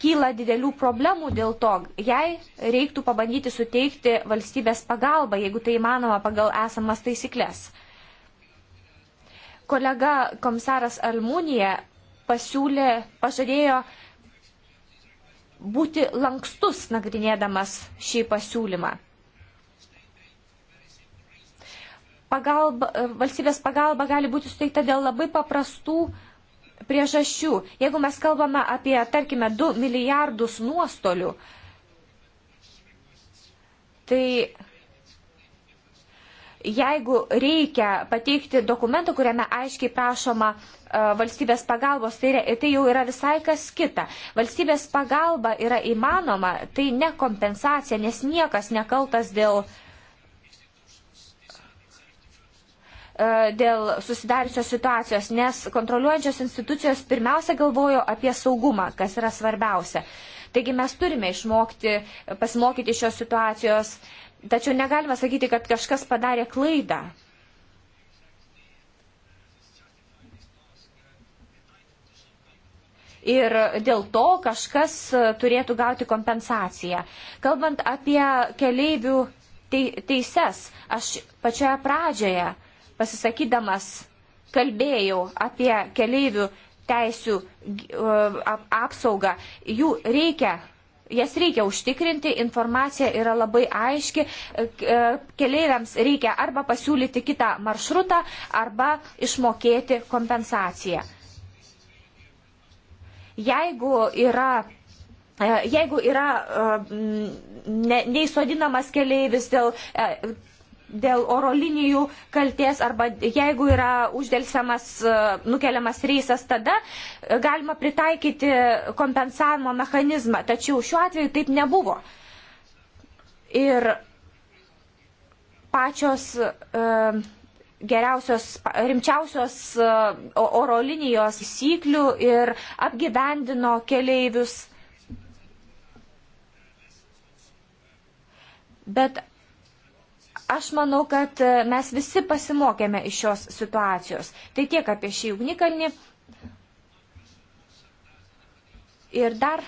kyla didelių problemų dėl to, jei reiktų pabandyti suteikti valstybės pagalbą, jeigu tai įmanoma pagal esamas taisyklės. Kolega komisaras Almūnija pasiūlė, pažadėjo būti lankstus nagrinėdamas šį pasiūlymą. Pagalba, valstybės pagalba gali būti suteikta dėl labai paprastų uh, priežasčių. Jeigu mes kalbame apie, tarkime, 2 milijardus nuostolių, tai jeigu reikia pateikti dokumentą, kuriame aiškiai prašoma e, valstybės pagalbos, tai, tai jau yra visai kas kita. Valstybės pagalba yra įmanoma, tai ne kompensacija, nes niekas nekaltas dėl uh, E, dėl susidariusios situacijos, nes kontroliuojančios institucijos pirmiausia galvojo apie saugumą, kas yra svarbiausia. Taigi mes turime išmokti, pasimokyti šios situacijos, tačiau negalime sakyti, kad kažkas padarė klaidą. ir dėl to kažkas turėtų gauti kompensaciją. Kalbant apie keleivių teises, aš pačioje pradžioje pasisakydamas kalbėjau apie keleivių teisių e, apsaugą. Jų reikia jas reikia užtikrinti, informacija yra labai aiški, e, e, keleiviams reikia arba pasiūlyti kitą maršrutą, arba išmokėti kompensaciją. Jeigu yra Jeigu yra neįsodinamas keleivis dėl dėl oro linijų kalties arba jeigu yra uždėlsiamas e, nukeliamas reisas, tada e, galima pritaikyti kompensavimo mechanizmą. Tačiau šiuo atveju taip nebuvo. Ir pačios e, geriausios, rimčiausios oro linijos įsiklių ir apgyvendino keleivius. Bet Aš manau, kad e, mes visi pasimokėme iš šios situacijos. Tai tiek apie šį ugnikalnį. Ir dar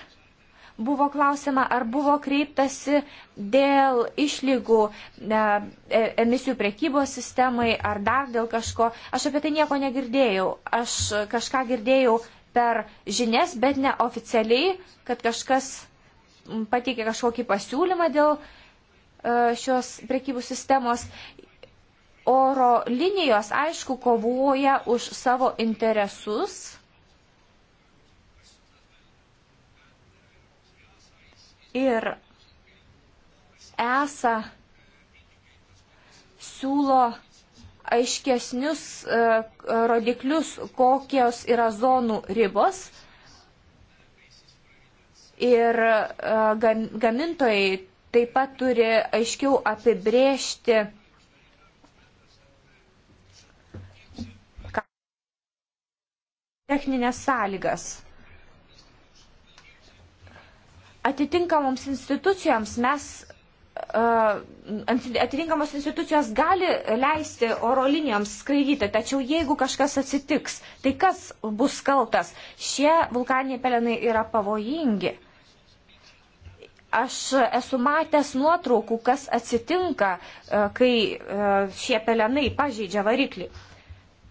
buvo klausima, ar buvo kreiptasi dėl išlygų e, e emisijų priekybos sistemai, ar dar dėl kažko. Aš apie tai nieko negirdėjau. Aš kažką girdėjau per žinias, bet neoficialiai, kad kažkas pateikė kažkokį pasiūlymą dėl E, šios prekybų sistemos. Oro linijos, aišku, kovoja už savo interesus. Ir ESA siūlo aiškesnius e, rodiklius, kokios yra zonų ribos. Ir e, gamintojai taip pat turi aiškiau apibrėžti, techninės sąlygas. Atitinkamoms institucijoms mes, e, atitinkamos institucijos gali leisti oro linijoms skraidyti, tačiau jeigu kažkas atsitiks, tai kas bus kaltas? Šie vulkaniniai pelenai yra pavojingi. Aš esu matęs nuotraukų, kas atsitinka, e, kai e, šie pelenai pažeidžia variklį.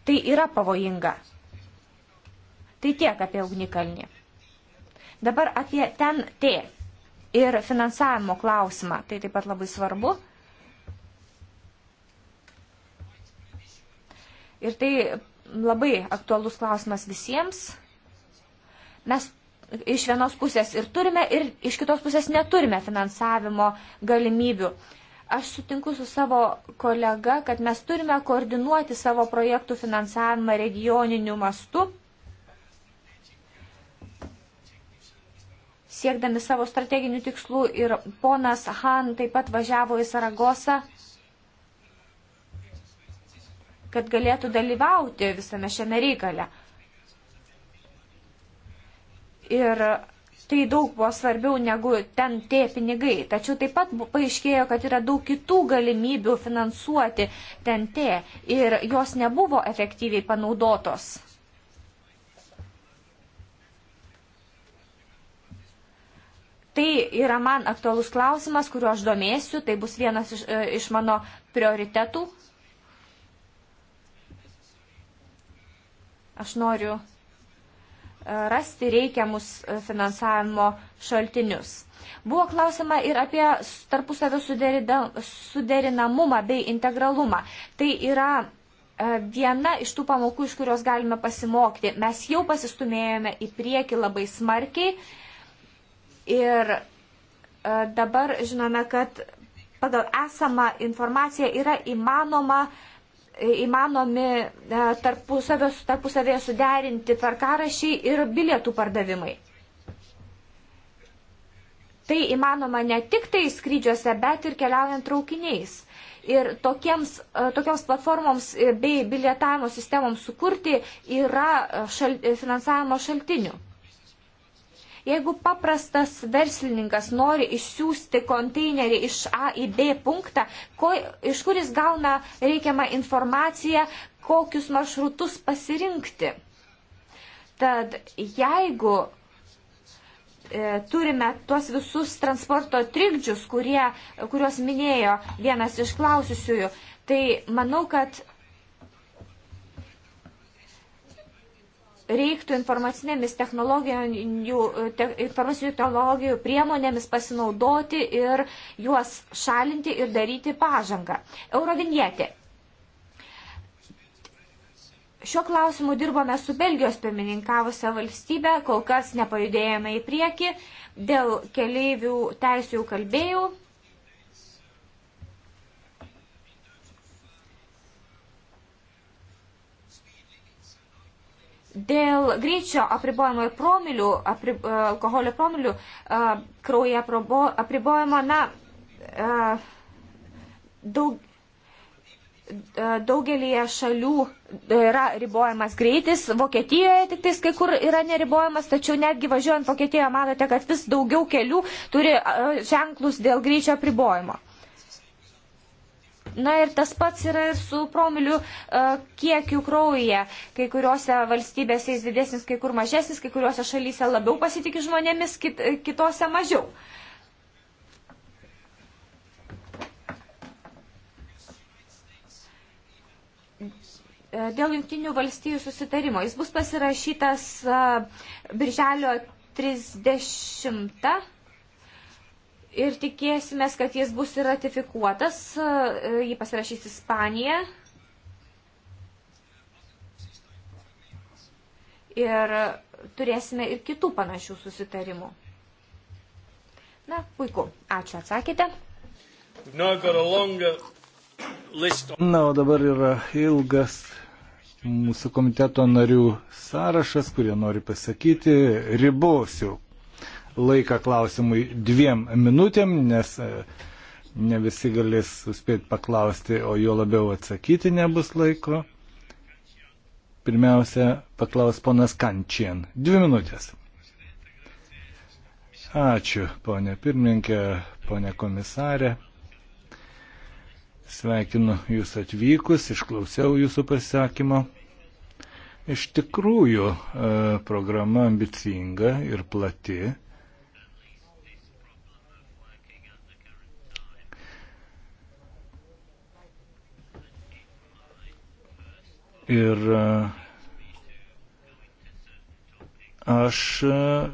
Tai yra pavojinga. Tai tiek apie ugnikalnį. Dabar apie ten T ir finansavimo klausimą. Tai taip pat labai svarbu. Ir tai labai aktualus klausimas visiems. Mes iš vienos pusės ir turime, ir iš kitos pusės neturime finansavimo galimybių. Aš sutinku su savo kolega, kad mes turime koordinuoti savo projektų finansavimą regioniniu mastu, siekdami savo strateginių tikslų. Ir ponas Han taip pat važiavo į Saragosą, kad galėtų dalyvauti visame šiame reikale. Ir tai daug buvo svarbiau negu ten tie pinigai. Tačiau taip pat paaiškėjo, kad yra daug kitų galimybių finansuoti ten tie ir jos nebuvo efektyviai panaudotos. Tai yra man aktualus klausimas, kuriuo aš domėsiu, tai bus vienas iš, e, iš mano prioritetų. Aš noriu rasti reikiamus e, finansavimo šaltinius. Buvo klausima ir apie tarpusavio suderinamumą bei integralumą. Tai yra e, viena iš tų pamokų, iš kurios galime pasimokti. Mes jau pasistumėjome į priekį labai smarkiai ir e, dabar žinome, kad pagal esamą informaciją yra įmanoma uh, įmanomi e, tarpusavėje suderinti tvarkarašiai ir bilietų pardavimai. Tai įmanoma ne tik tai skrydžiuose, bet ir keliaujant traukiniais. Ir tokiems, e, tokioms platformoms bei bilietavimo sistemoms sukurti yra šal, finansavimo šaltinių. Jeigu paprastas verslininkas nori išsiųsti konteinerį iš A į B punktą, ko, iš kur jis gauna reikiamą informaciją, kokius maršrutus pasirinkti. Tad jeigu e, turime tuos visus transporto trikdžius, kurie, kuriuos minėjo vienas iš klausiusiųjų, tai manau, kad reiktų informacinėmis technologijų, te, informacinių technologijų priemonėmis pasinaudoti ir juos šalinti ir daryti pažangą. Eurovinietė. Šiuo klausimu dirbome su Belgijos pirmininkavusią valstybę, kol kas nepajudėjome į priekį, dėl keleivių teisų jau kalbėjau, Dėl greičio apribojimo ir promilių, apri, e, alkoholio promilių e, kraujo apribojimo, na, e, daug, daugelį šalių yra ribojamas greitis, Vokietijoje tik tais kai kur yra neribojamas, tačiau netgi važiuojant Vokietijoje matote, kad vis daugiau kelių turi ženklus dėl greičio apribojimo. Na ir tas pats yra ir su promilių e, kiekiu kraujyje. Kai kuriuose valstybėse jis didesnis, kai kur mažesnis, kai kuriuose šalyse labiau pasitikė žmonėmis, kit, kitose mažiau. E, dėl jungtinių valstybių susitarimo. Jis bus pasirašytas e, birželio 30 ir tikėsime, kad jis bus ir ratifikuotas, e, jį pasirašys Ispanija. Ir turėsime ir kitų panašių susitarimų. Na, puiku. Ačiū atsakėte. Na, o dabar yra ilgas mūsų komiteto narių sąrašas, kurie nori pasakyti. Ribosiu, laiką klausimui dviem minutėm, nes e, ne visi galės suspėti paklausti, o jo labiau atsakyti nebus laiko. Pirmiausia, paklaus ponas Kančien. Dvi minutės. Ačiū, ponė pirmininkė, ponė komisarė. Sveikinu Jūs atvykus, išklausiau Jūsų pasisakymo. Iš tikrųjų, e, programa ambicinga ir plati. Ir e, aš e,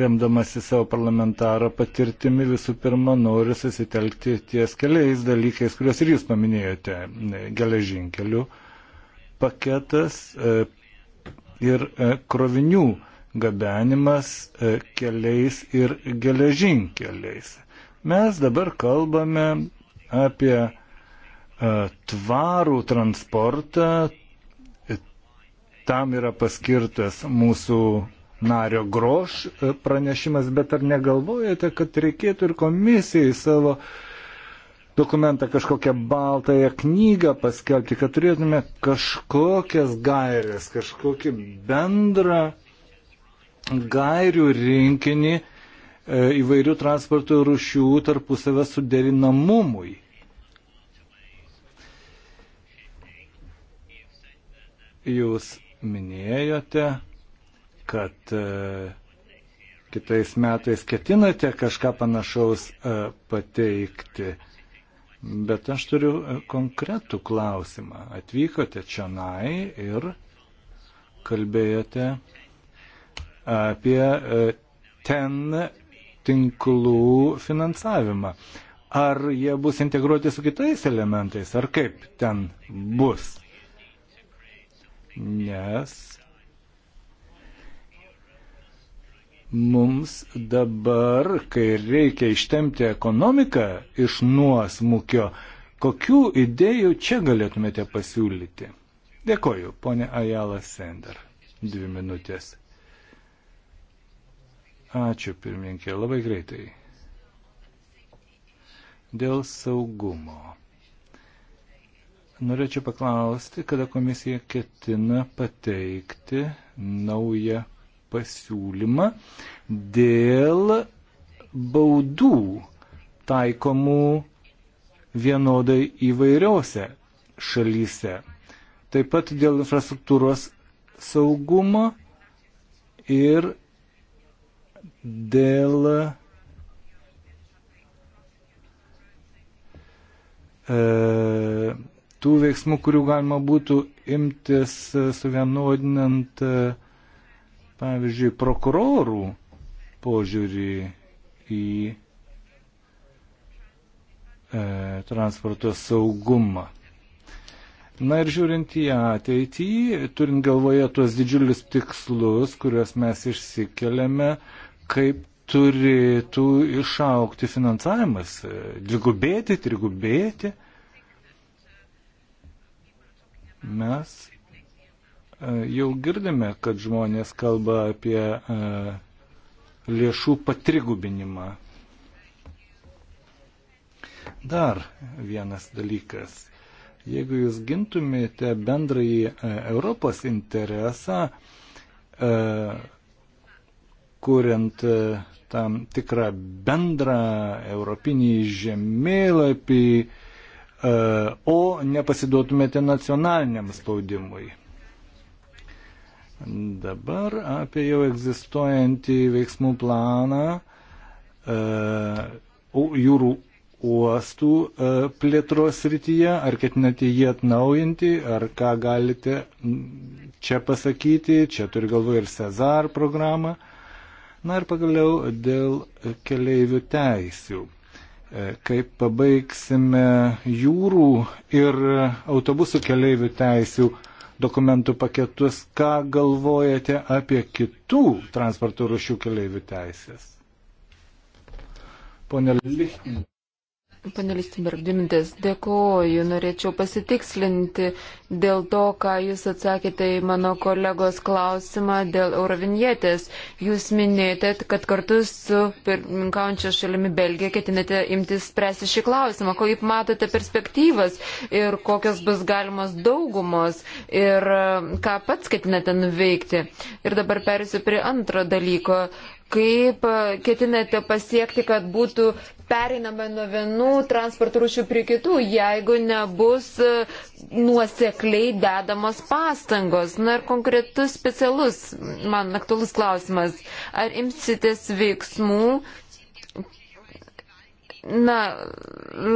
remdamasi savo parlamentaro patirtimi visų pirma noriu susitelkti ties keliais dalykais, kuriuos ir jūs paminėjote. E, geležinkelių paketas ir krovinių gabenimas keliais ir geležinkeliais. Mes dabar kalbame apie E, tvarų transportą. E, tam yra paskirtas mūsų nario groš e, pranešimas, bet ar negalvojate, kad reikėtų ir komisijai savo dokumentą kažkokią baltąją knygą paskelbti, kad turėtume kažkokias gairės, kažkokį bendrą gairių rinkinį įvairių transporto rušių tarpusavę suderinamumui. Jūs minėjote, kad e, kitais metais ketinate kažką panašaus e, pateikti. Bet aš turiu e, konkretų klausimą. Atvykote čia nai ir kalbėjote apie ten tinklų finansavimą. Ar jie bus integruoti su kitais elementais, ar kaip ten bus? nes mums dabar, kai reikia ištemti ekonomiką iš nuosmukio, kokių idėjų čia galėtumėte pasiūlyti? Dėkoju, ponė Ajala Sender. Dvi minutės. Ačiū, pirmininkė, labai greitai. Dėl saugumo. Norėčiau paklausti, kada komisija ketina pateikti naują pasiūlymą dėl baudų taikomų vienodai įvairiose šalyse. Taip pat dėl infrastruktūros saugumo ir dėl e, tų veiksmų, kurių galima būtų imtis e, suvienodinant, e, pavyzdžiui, prokurorų požiūrį į e, transporto saugumą. Na ir žiūrint į ateitį, turint galvoje tuos didžiulius tikslus, kuriuos mes išsikeliame, kaip turėtų išaukti finansavimas, e, dvigubėti, trigubėti. E, Mes e, jau girdime, kad žmonės kalba apie e, lėšų patrigubinimą. Dar vienas dalykas. Jeigu jūs gintumėte bendrąjį e, Europos interesą, kuriant tam tikrą bendrą europinį žemėlapį, E, o nepasiduotumėte nacionaliniam spaudimui. Dabar apie jau egzistuojantį veiksmų planą e, jūrų uostų e, plėtros srityje, ar ketinate jį atnaujinti, ar ką galite čia pasakyti, čia turi galvoje ir Cezar programą. Na ir pagaliau dėl keleivių teisių kaip pabaigsime jūrų ir autobusų keleivių teisių dokumentų paketus, ką galvojate apie kitų transporto rušių keleivių teisės. Pone Lichtin. Panelis Timberg, dvi mintės. Dėkuoju, norėčiau pasitikslinti dėl to, ką Jūs atsakėte į mano kolegos klausimą dėl eurovinietės. Jūs minėjote, kad kartu su pirmininkaujančia šalimi Belgija ketinate imtis spręsti šį klausimą. Kaip matote perspektyvas ir kokios bus galimos daugumos ir e, ką pats ketinate nuveikti. Ir dabar perėsiu prie antro dalyko kaip e, ketinate pasiekti, kad būtų pereiname nuo vienų transporto rūšių prie kitų, jeigu nebus e, nuosekliai dedamos pastangos. Na ir konkretus specialus, man aktualus klausimas, ar imsitės veiksmų Na,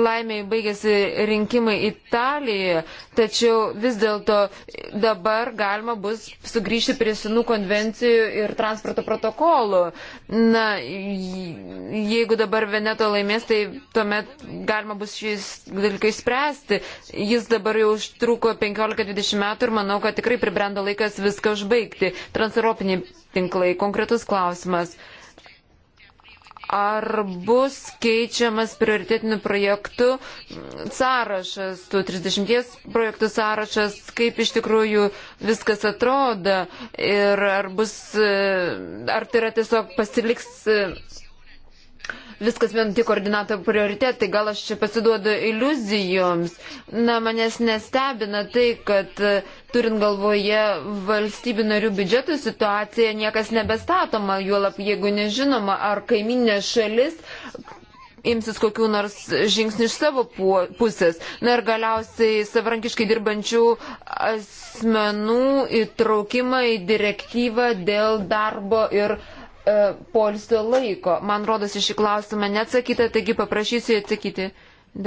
laimiai baigėsi rinkimai Italijoje, tačiau vis dėlto dabar galima bus sugrįžti prie senų konvencijų ir transporto protokolų. Na, jeigu dabar Veneto laimės, tai tuomet galima bus šis dalykai spręsti. Jis dabar jau užtruko 15-20 metų ir manau, kad tikrai pribrendo laikas viską užbaigti. Transeuropiniai tinklai, konkretus klausimas ar bus keičiamas prioritetinių projektų sąrašas, tų 30 projektų sąrašas, kaip iš tikrųjų viskas atrodo ir ar bus, ar tai yra tiesiog pasiliks viskas vien tik koordinato prioritetai, gal aš čia pasiduodu iliuzijoms. Na, manęs nestebina tai, kad uh, turint galvoje valstybių narių biudžetų situaciją, niekas nebestatoma, juolap jeigu nežinoma, ar kaiminė šalis imsis kokių nors žingsnių iš savo pusės. Na ir galiausiai savarankiškai dirbančių asmenų įtraukimą į direktyvą dėl darbo ir e, polsio laiko. Man rodos, iš šį klausimą neatsakyta, taigi paprašysiu atsakyti.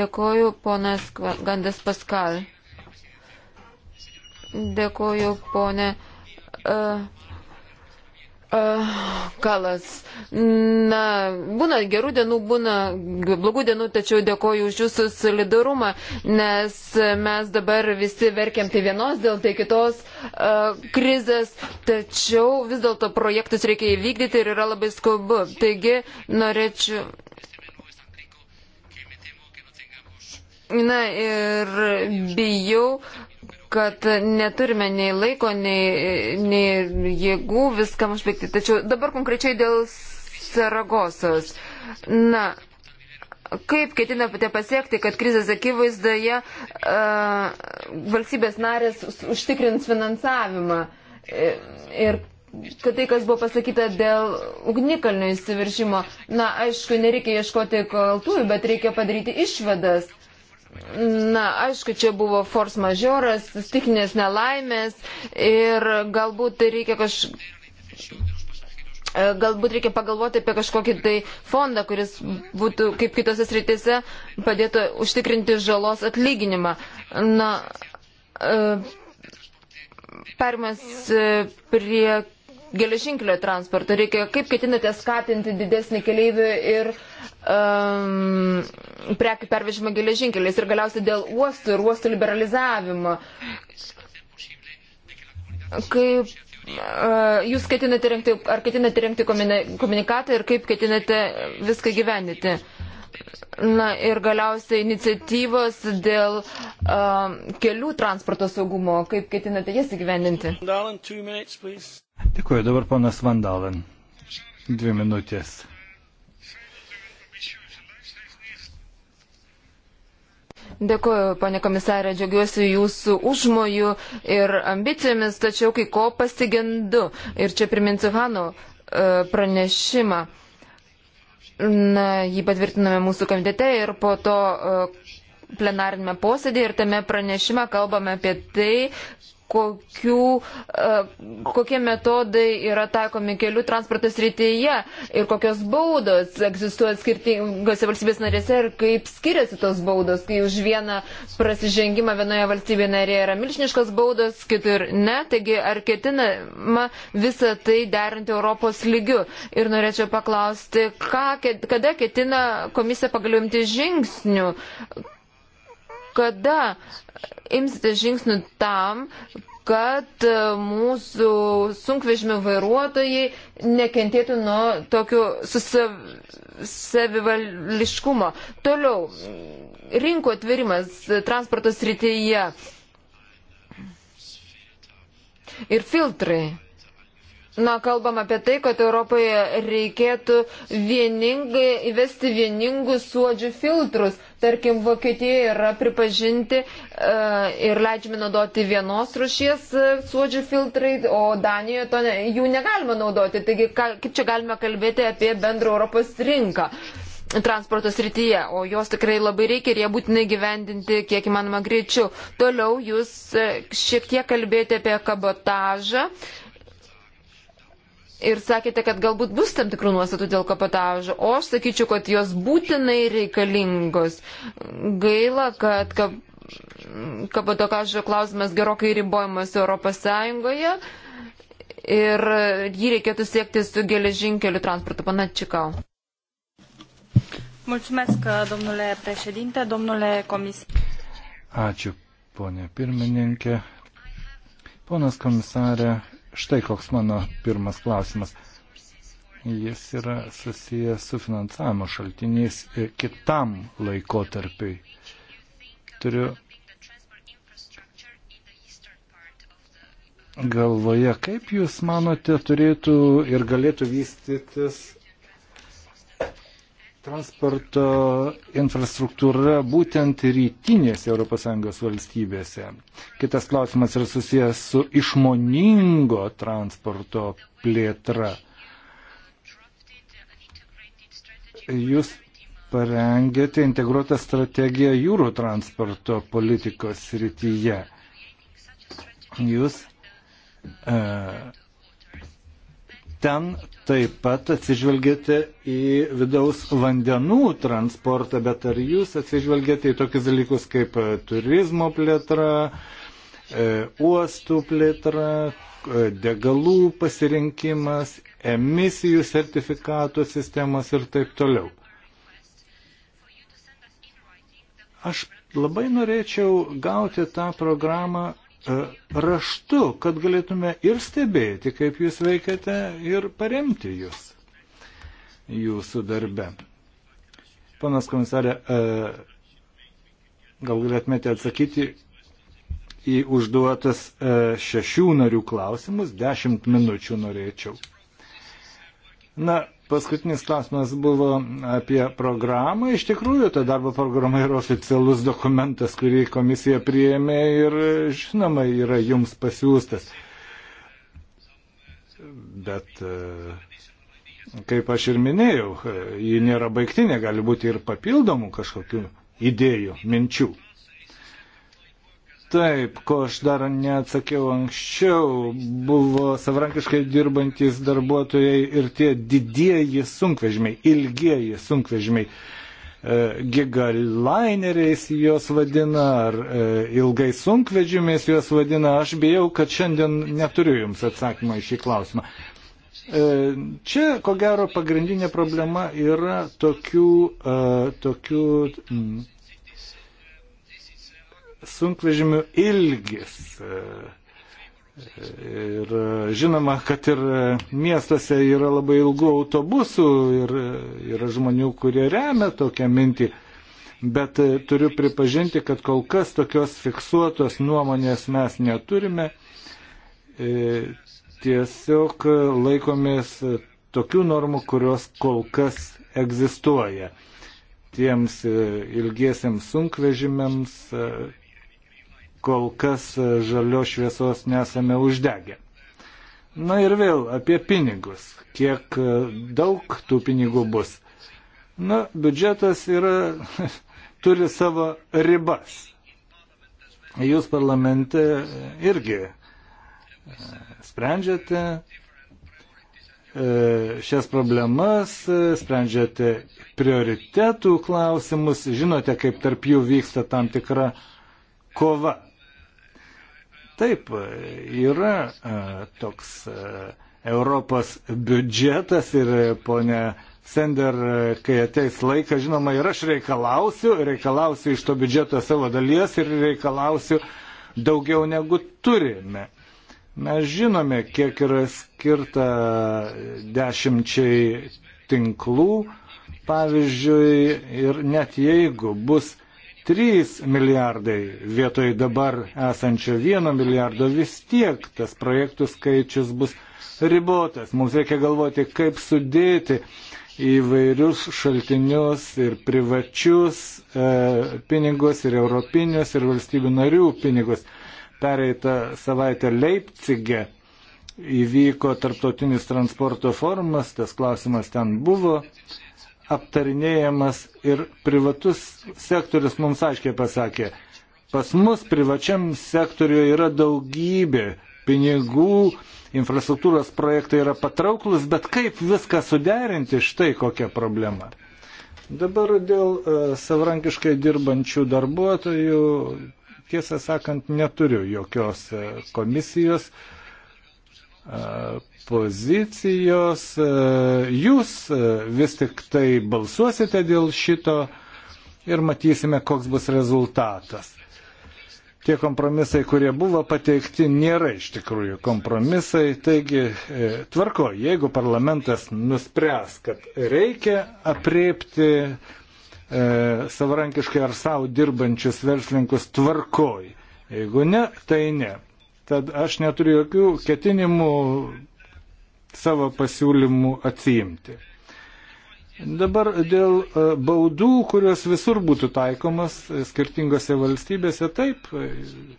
Dėkoju, ponas Gandas Paskal. Dėkuoju, ponė. Uh, uh, kalas. Na, būna gerų dienų, būna blogų dienų, tačiau dėkoju už jūsų solidarumą, nes mes dabar visi verkiam tai vienos dėl tai kitos uh, krizės, tačiau vis dėlto projektus reikia įvykdyti ir yra labai skubu. Taigi, norėčiau. Na ir bijau, kad neturime nei laiko, nei, nei jėgų viskam užbėgti. Tačiau dabar konkrečiai dėl Saragosos. Na, kaip ketinate pasiekti, kad krizės akivaizdoje uh, valstybės narės užtikrins finansavimą? E, ir kad tai, kas buvo pasakyta dėl ugnikalnio įsiviršimo, na, aišku, nereikia ieškoti kaltųjų, bet reikia padaryti išvadas. Na, aišku, čia buvo force majoras, stikinės nelaimės ir galbūt reikia kažkaip e, galbūt reikia pagalvoti apie kažkokį tai fondą, kuris būtų kaip kitose sritise padėtų užtikrinti žalos atlyginimą. Na, e, perimas e, prie geležinkelio transporto reikia, kaip ketinate skatinti didesnį keleivių ir um, prekių pervežimą geležinkeliais ir galiausiai dėl uostų ir uostų liberalizavimo. Kaip uh, jūs ketinate rengti, ar ketinate rengti komunikatą ir kaip ketinate viską gyvenyti? Na ir galiausiai iniciatyvos dėl uh, kelių transporto saugumo, kaip ketinate jas įgyvendinti? Dėkuoju, dabar ponas Vandalin. Dvi minutės. Dėkuoju, ponė komisarė, džiaugiuosi jūsų užmojų ir ambicijomis, tačiau kai ko pasigendu. Ir čia priminsiu Hano e, pranešimą. Na, jį patvirtiname mūsų komitete ir po to e, plenarinėme posėdėje ir tame pranešime kalbame apie tai, kokių, e, kokie metodai yra taikomi kelių transporto srityje ir kokios baudos egzistuoja skirtingose valstybės narėse ir kaip skiriasi tos baudos, kai už vieną prasižengimą vienoje valstybėje narėje yra milžiniškas baudos, kitur ne. Taigi ar ketinama visą tai derinti Europos lygiu? Ir norėčiau paklausti, ką, kada ketina komisija pagaliau imti žingsnių, kada imsite žingsnių tam, kad e, mūsų sunkvežimių vairuotojai nekentėtų nuo tokio susavivališkumo. Toliau, rinko atvirimas transporto srityje ir filtrai. Na, kalbam apie tai, kad Europoje reikėtų vieningai įvesti vieningus suodžių filtrus. Tarkim, Vokietijoje yra pripažinti e, ir leidžiami naudoti vienos rušies e, suodžių filtrai, o Danijoje to ne, jų negalima naudoti. Taigi, ka, kaip čia galime kalbėti apie bendrą Europos rinką? transporto srityje, o jos tikrai labai reikia ir jie būtinai gyvendinti kiek įmanoma greičiau. Toliau jūs e, šiek tiek kalbėjote apie kabotažą. Uh, Ir sakėte, kad galbūt bus tam tikrų nuostatų dėl kapatažo, o aš sakyčiau, kad jos būtinai reikalingos. Gaila, kad kap, kapatažo klausimas gerokai ribojamas Europos Sąjungoje ir jį reikėtų siekti su geležinkeliu transportu. Pana Čikau. Mulțumesc, domnule președinte, domnule comisar. Ačiū, ponė pirmininkė. Ponas komisarė, Štai koks mano pirmas klausimas. Jis yra susijęs su finansavimo šaltiniais kitam laikotarpiui. Turiu galvoje, kaip Jūs manote turėtų ir galėtų vystytis transporto infrastruktūra būtent rytinėse ES valstybėse. Kitas klausimas yra susijęs su išmoningo transporto plėtra. Jūs parengėte integruotą strategiją jūrų transporto politikos rytyje. Jūs e, ten taip pat atsižvelgėte į vidaus vandenų transportą, bet ar jūs atsižvelgėte į tokius dalykus kaip e, turizmo plėtra, e, uostų plėtra, e, degalų pasirinkimas, emisijų sertifikatų sistemos ir taip toliau. Aš labai norėčiau gauti tą programą E, raštu, kad galėtume ir stebėti, kaip jūs veikiate, ir paremti jūs jūsų darbe. Panas komisarė, e, gal galėtumėte atsakyti į užduotas e, šešių narių klausimus, dešimt minučių norėčiau. Na, paskutinis klausimas buvo apie programą. Iš tikrųjų, ta darbo programa yra oficialus dokumentas, kurį komisija priėmė ir, žinoma, yra jums pasiūstas. Bet, e, kaip aš ir minėjau, e, ji nėra baigtinė, gali būti ir papildomų kažkokių idėjų, minčių. Taip, ko aš dar neatsakiau anksčiau, buvo savarankiškai dirbantis darbuotojai ir tie didieji sunkvežimiai, ilgieji sunkvežimiai, e, gigalaineriais juos vadina, ar e, ilgai sunkvežimiais juos vadina, aš bijau, kad šiandien neturiu jums atsakymą į šį klausimą. E, čia, ko gero, pagrindinė problema yra tokių, tokių sunkvežimių ilgis. Ir e, žinoma, kad ir e, miestuose yra labai ilgų autobusų ir e, yra žmonių, kurie remia tokią mintį. Bet turiu pripažinti, kad kol kas tokios fiksuotos nuomonės mes neturime. Tiesiog laikomės tokių normų, kurios kol kas egzistuoja tiems ilgiesiems sunkvežimiams kol kas e, žalio šviesos nesame uždegę. Na ir vėl apie pinigus. Kiek e, daug tų pinigų bus. Na, biudžetas yra, turi savo ribas. Jūs parlamente irgi e, sprendžiate šias problemas, sprendžiate prioritetų klausimus, žinote, kaip tarp jų vyksta tam tikra kova. Taip, yra e, toks e, Europos biudžetas ir e, ponia Sender, kai ateis laikas, žinoma, ir aš reikalausiu, reikalausiu iš to biudžeto savo dalies ir reikalausiu daugiau negu turime. Mes žinome, kiek yra skirta dešimčiai tinklų, pavyzdžiui, ir net jeigu bus 3 milijardai vietoj dabar esančio 1 milijardo, vis tiek tas projektų skaičius bus ribotas. Mums reikia galvoti, kaip sudėti įvairius šaltinius ir privačius e, pinigus, ir europinius, ir valstybių narių pinigus. Pereitą savaitę Leipcige įvyko tarptautinis transporto forumas, tas klausimas ten buvo. E, aptarinėjamas ir privatus sektorius mums aiškiai pasakė, pas mus privačiam sektoriuje yra daugybė pinigų, infrastruktūros projektai yra patrauklus, bet kaip viską suderinti, štai kokia problema. Dabar dėl e, savarankiškai dirbančių darbuotojų, tiesą sakant, neturiu jokios e, komisijos e, pozicijos. E, jūs e, vis tik tai balsuosite dėl šito ir matysime, koks bus rezultatas. Tie kompromisai, kurie buvo pateikti, nėra iš tikrųjų kompromisai. Taigi, e, tvarko, jeigu parlamentas nuspręs, kad reikia apriepti e, savarankiškai ar savo dirbančius verslininkus tvarkoj. Jeigu ne, tai ne. Tad aš neturiu jokių ketinimų savo pasiūlymų atsiimti. Dabar dėl e, baudų, kurios visur būtų taikomas e, skirtingose valstybėse, taip, e,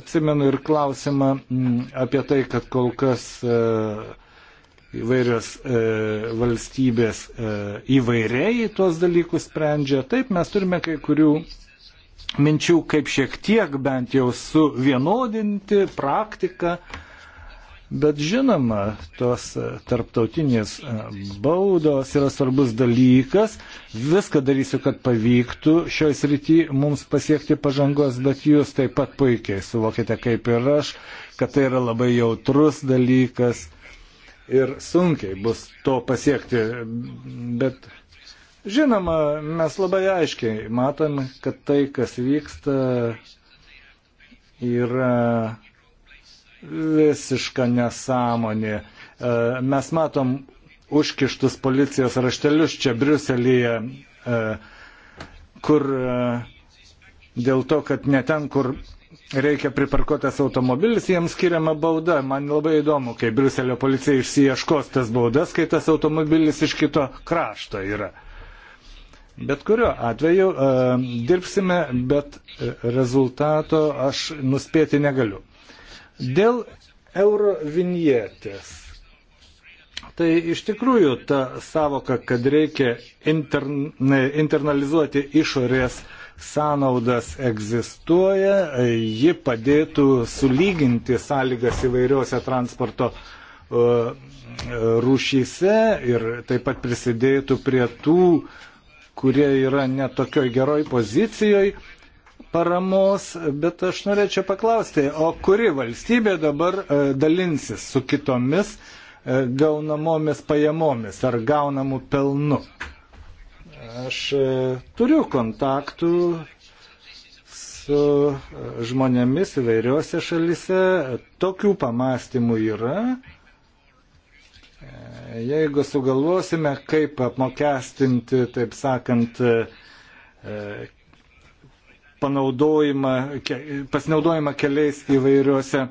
atsimenu ir klausimą mm, apie tai, kad kol kas įvairios e, valstybės e, įvairiai tuos dalykus sprendžia. Taip, mes turime kai kurių minčių, kaip šiek tiek bent jau suvienodinti praktiką, Bet žinoma, tos e, tarptautinės e, baudos yra svarbus dalykas. Viską darysiu, kad pavyktų šioj srity mums pasiekti pažangos, bet jūs taip pat puikiai suvokite, kaip ir aš, kad tai yra labai jautrus dalykas ir sunkiai bus to pasiekti. Bet žinoma, mes labai aiškiai matom, kad tai, kas vyksta, yra visiška nesąmonė. E, mes matom užkištus policijos raštelius čia Briuselyje, e, kur e, dėl to, kad ne ten, kur reikia priparkuotas automobilis, jiems skiriama bauda. Man labai įdomu, kai Briuselio policija išsieškos tas baudas, kai tas automobilis iš kito krašto yra. Bet kuriuo atveju e, dirbsime, bet rezultato aš nuspėti negaliu. Dėl eurovinietės. Tai iš tikrųjų ta savoka, kad reikia intern, internalizuoti išorės sąnaudas egzistuoja, ji padėtų sulyginti sąlygas įvairiuose transporto rūšyse ir taip pat prisidėtų prie tų, kurie yra netokioj geroj pozicijoje paramos, bet aš norėčiau paklausti, o kuri valstybė dabar e, dalinsis su kitomis e, gaunamomis pajamomis ar gaunamu pelnu? Aš e, turiu kontaktų su žmonėmis įvairiuose šalise, tokių pamastymų yra. Jeigu sugalvosime, kaip apmokestinti, taip sakant, panaudojimą, pasinaudojimą keliais įvairiuose e,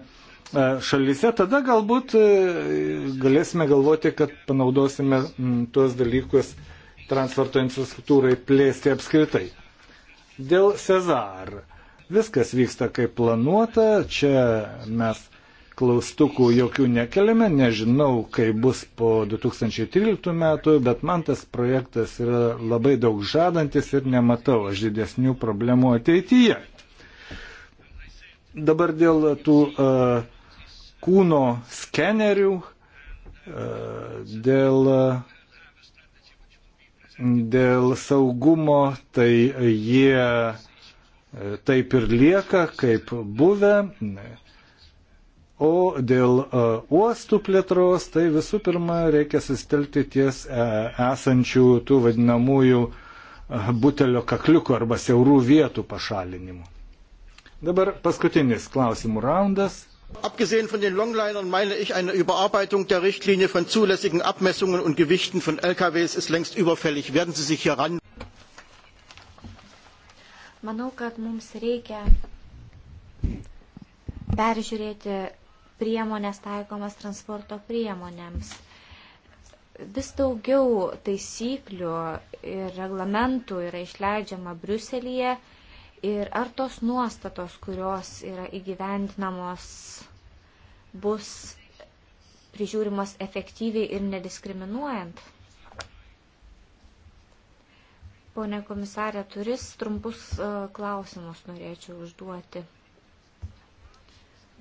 šalyse, tada galbūt e, galėsime galvoti, kad panaudosime tuos dalykus transporto infrastruktūrai plėsti apskritai. Dėl Cezar. Viskas vyksta kaip planuota, čia mes klaustukų jokių nekeliame, nežinau, kaip bus po 2013 metų, bet man tas projektas yra labai daug žadantis ir nematau aš didesnių problemų ateityje. Dabar dėl tų uh, kūno skenerių, uh, dėl, dėl saugumo, tai jie uh, taip ir lieka, kaip buvę. Ne O dėl e, uostų plėtros, tai visų pirma reikia sustelti ties e, esančių tų vadinamųjų e, butelio kakliukų arba siaurų vietų pašalinimu. Dabar paskutinis klausimų raundas. Abgesehen von den Longlinern meine ich, eine Überarbeitung der Richtlinie von zulässigen Abmessungen und Gewichten von LKWs ist längst überfällig. Werden Sie sich hier ran? Manau, kad mums reikia peržiūrėti priemonės taikomas transporto priemonėms. Vis daugiau taisyklių ir reglamentų yra išleidžiama Briuselyje ir ar tos nuostatos, kurios yra įgyvendinamos, bus prižiūrimos efektyviai ir nediskriminuojant? Pone komisarė, turis trumpus e, klausimus norėčiau užduoti.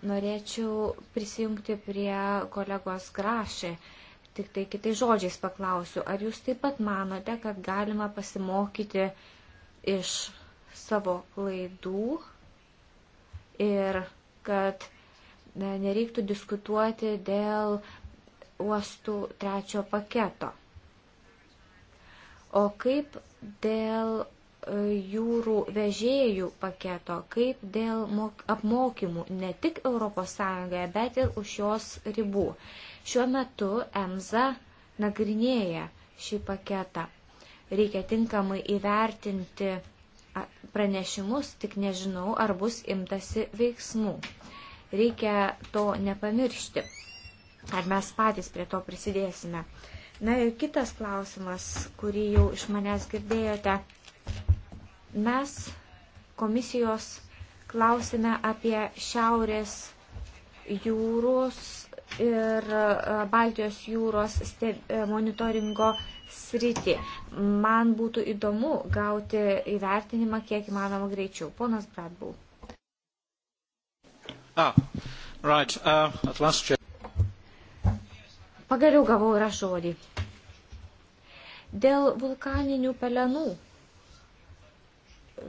Norėčiau prisijungti prie kolegos Grašė. Tik tai kitai žodžiais paklausiu, ar jūs taip pat manote, kad galima pasimokyti iš savo klaidų ir kad nereiktų diskutuoti dėl uostų trečio paketo. O kaip dėl jūrų vežėjų paketo, kaip dėl apmokymų ne tik ES, bet ir už jos ribų. Šiuo metu EMSA nagrinėja šį paketą. Reikia tinkamai įvertinti pranešimus, tik nežinau, ar bus imtasi veiksmų. Reikia to nepamiršti. Ar mes patys prie to prisidėsime. Na ir kitas klausimas, kurį jau iš manęs girdėjote Mes komisijos klausime apie Šiaurės jūros ir e, Baltijos jūros e, monitoringo sritį. Man būtų įdomu gauti įvertinimą kiek įmanoma greičiau. Ponas Bradbul. Ah, right, uh, at last check. Pagaliau gavau ir aš žodį. Dėl vulkaninių pelenų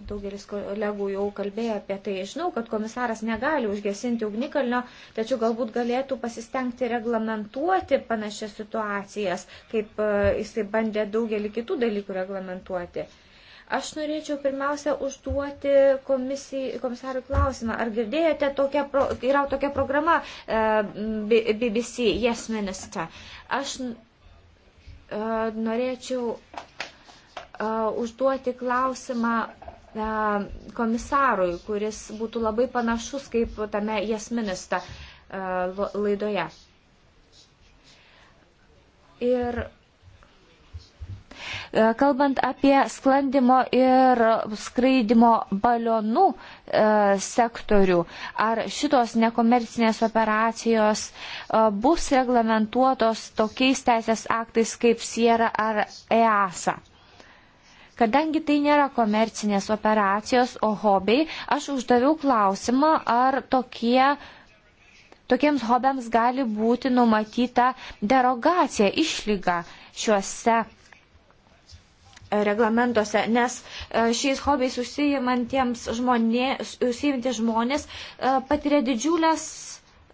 Daugelis kolegų jau kalbėjo apie tai. Žinau, kad komisaras negali užgesinti ugnikalnio, tačiau galbūt galėtų pasistengti reglamentuoti panašias situacijas, kaip e, jisai bandė daugelį kitų dalykų reglamentuoti. Aš norėčiau pirmiausia užduoti komisarui klausimą. Ar girdėjote, tokia pro, yra tokia programa uh, e, BBC Yes Minister. Aš uh, norėčiau uh, užduoti klausimą E, komisarui, kuris būtų labai panašus kaip tame jasminista e, laidoje. Ir e, kalbant apie sklandimo ir skraidimo balionų sektorių, ar šitos nekomercinės operacijos bus reglamentuotos tokiais teisės aktais kaip Sierra ar EASA? Kadangi tai nėra komercinės operacijos, o hobiai, aš uždaviau klausimą, ar tokie tokiems hobiams gali būti numatyta derogacija, išlyga šiuose e, reglamentuose, nes e, šiais hobiais užsijimantiems žmonės, užsijimantys e, žmonės patiria didžiulės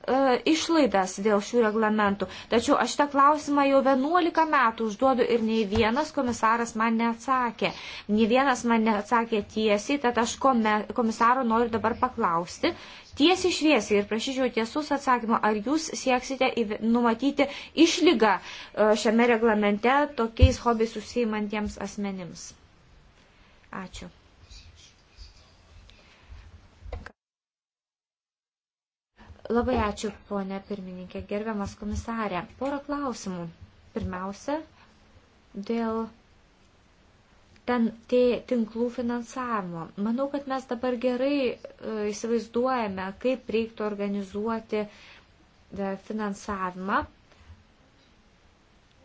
E, išlaidas dėl šių reglamentų. Tačiau aš tą klausimą jau 11 metų užduodu ir nei vienas komisaras man neatsakė. Nei vienas man neatsakė tiesiai, tad aš komisaro noriu dabar paklausti. Tiesiai šviesiai ir prašyčiau tiesus atsakymą, ar jūs sieksite numatyti išlygą e, šiame reglamente tokiais hobiais užsiimantiems asmenims. Ačiū. Labai ačiū, ponė pirmininkė, gerbiamas komisarė. Porą klausimų. Pirmiausia, dėl ten tinklų finansavimo. Manau, kad mes dabar gerai e, įsivaizduojame, kaip reiktų organizuoti e, finansavimą.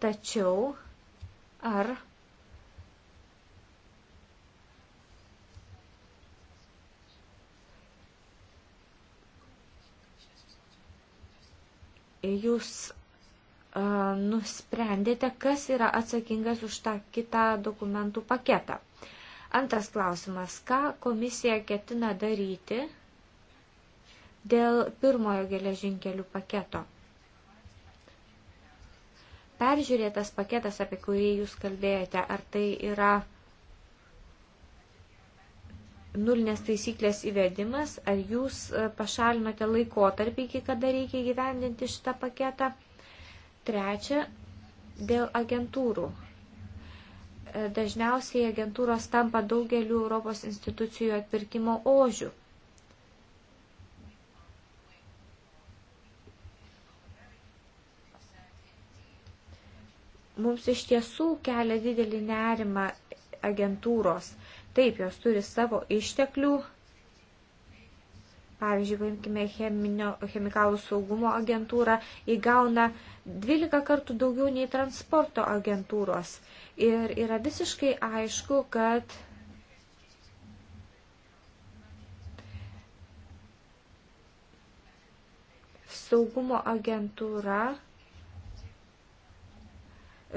Tačiau ar jūs uh, nusprendėte, kas yra atsakingas už tą kitą dokumentų paketą. Antras klausimas. Ką komisija ketina daryti dėl pirmojo geležinkelių paketo? Peržiūrėtas paketas, apie kurį jūs kalbėjote, ar tai yra nulinės taisyklės įvedimas, ar jūs e, pašalinote laikotarpį, iki kada reikia gyvendinti šitą paketą. Trečia, dėl agentūrų. E, dažniausiai agentūros tampa daugeliu Europos institucijų atpirkimo ožių. Mums iš tiesų kelia didelį nerimą agentūros – Taip, jos turi savo išteklių. Pavyzdžiui, paimkime cheminio, chemikalų saugumo agentūrą, įgauna 12 kartų daugiau nei transporto agentūros. Ir yra visiškai aišku, kad saugumo agentūra,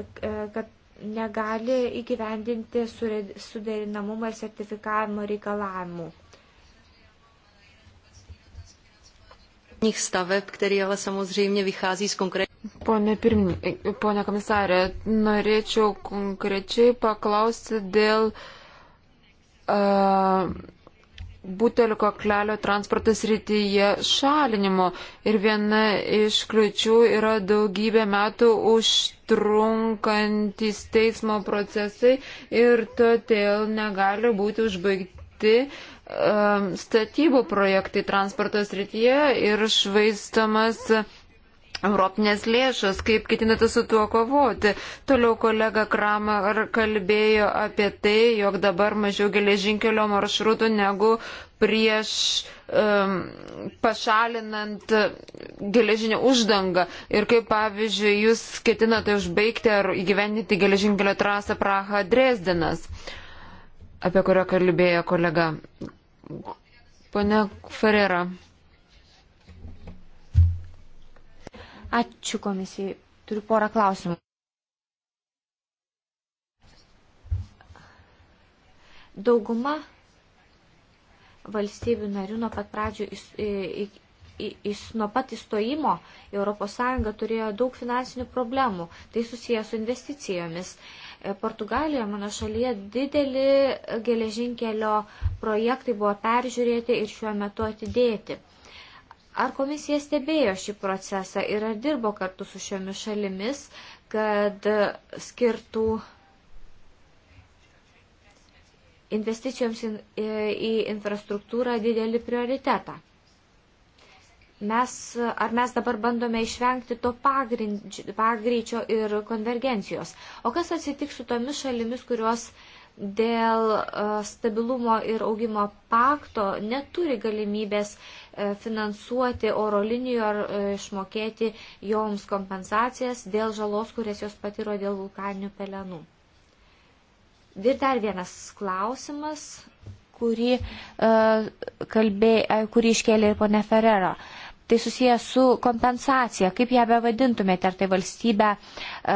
e, kad negali įgyvendinti suderinamumą ir sertifikavimo reikalavimų. Staveb, který ale samozřejmě vychází z konkrétní. Pone, pirmin... E, pone komisarė, norėčiau konkrečiai paklausti dėl uh, butelio kaklelio transportas rytyje šalinimo. Ir viena iš kliučių yra daugybė metų užtrunkantis teismo procesai ir todėl negali būti užbaigti um, statybų projektai transporto srityje ir švaistomas uh, Europinės lėšos, kaip ketinate su tuo kovoti. Toliau kolega Kramer kalbėjo apie tai, jog dabar mažiau geležinkelio maršrutų negu prieš um, pašalinant geležinę uždangą. Ir kaip pavyzdžiui, jūs ketinate užbaigti ar įgyvendinti geležinkelio trasą Praha Dresdenas, apie kurią kalbėjo kolega. Pone Ferrera. Ačiū komisijai. Turiu porą klausimų. Dauguma valstybių narių nuo pat pradžių jis nuo pat įstojimo ES turėjo daug finansinių problemų. Tai susijęs su investicijomis. E, Portugalijoje, mano šalyje, dideli geležinkelio projektai buvo peržiūrėti ir šiuo metu atidėti. Ar komisija stebėjo šį procesą ir ar dirbo kartu su šiomis šalimis, kad skirtų investicijoms į infrastruktūrą didelį prioritetą? Mes, ar mes dabar bandome išvengti to pagreičio ir konvergencijos? O kas atsitiks su tomis šalimis, kurios uh, dėl e, stabilumo ir augimo pakto neturi galimybės e, finansuoti oro linijų ar e, išmokėti joms kompensacijas dėl žalos, kurias jos patiro dėl vulkaninių pelenų. Ir dar vienas klausimas, kurį, kalbė, kurį iškėlė ir ponė Ferrero tai susijęs su kompensacija, kaip ją bevadintumėte, ar tai valstybė,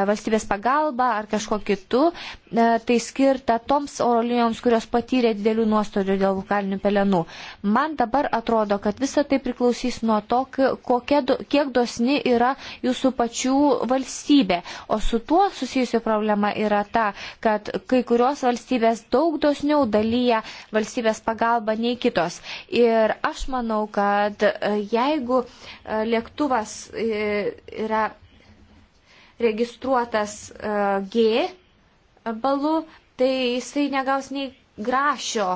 valstybės pagalba, ar kažko kitu, tai skirta toms oro linijoms, kurios patyrė didelių nuostolių dėl vulkaninių pelenų. Man dabar atrodo, kad visa tai priklausys nuo to, kokia, kiek dosni yra jūsų pačių valstybė. O su tuo susijusi problema yra ta, kad kai kurios valstybės daug dosniau dalyja valstybės pagalba nei kitos. Ir aš manau, kad e, jeigu e, lėktuvas e, yra registruotas G, balu, tai jisai negaus nei grašio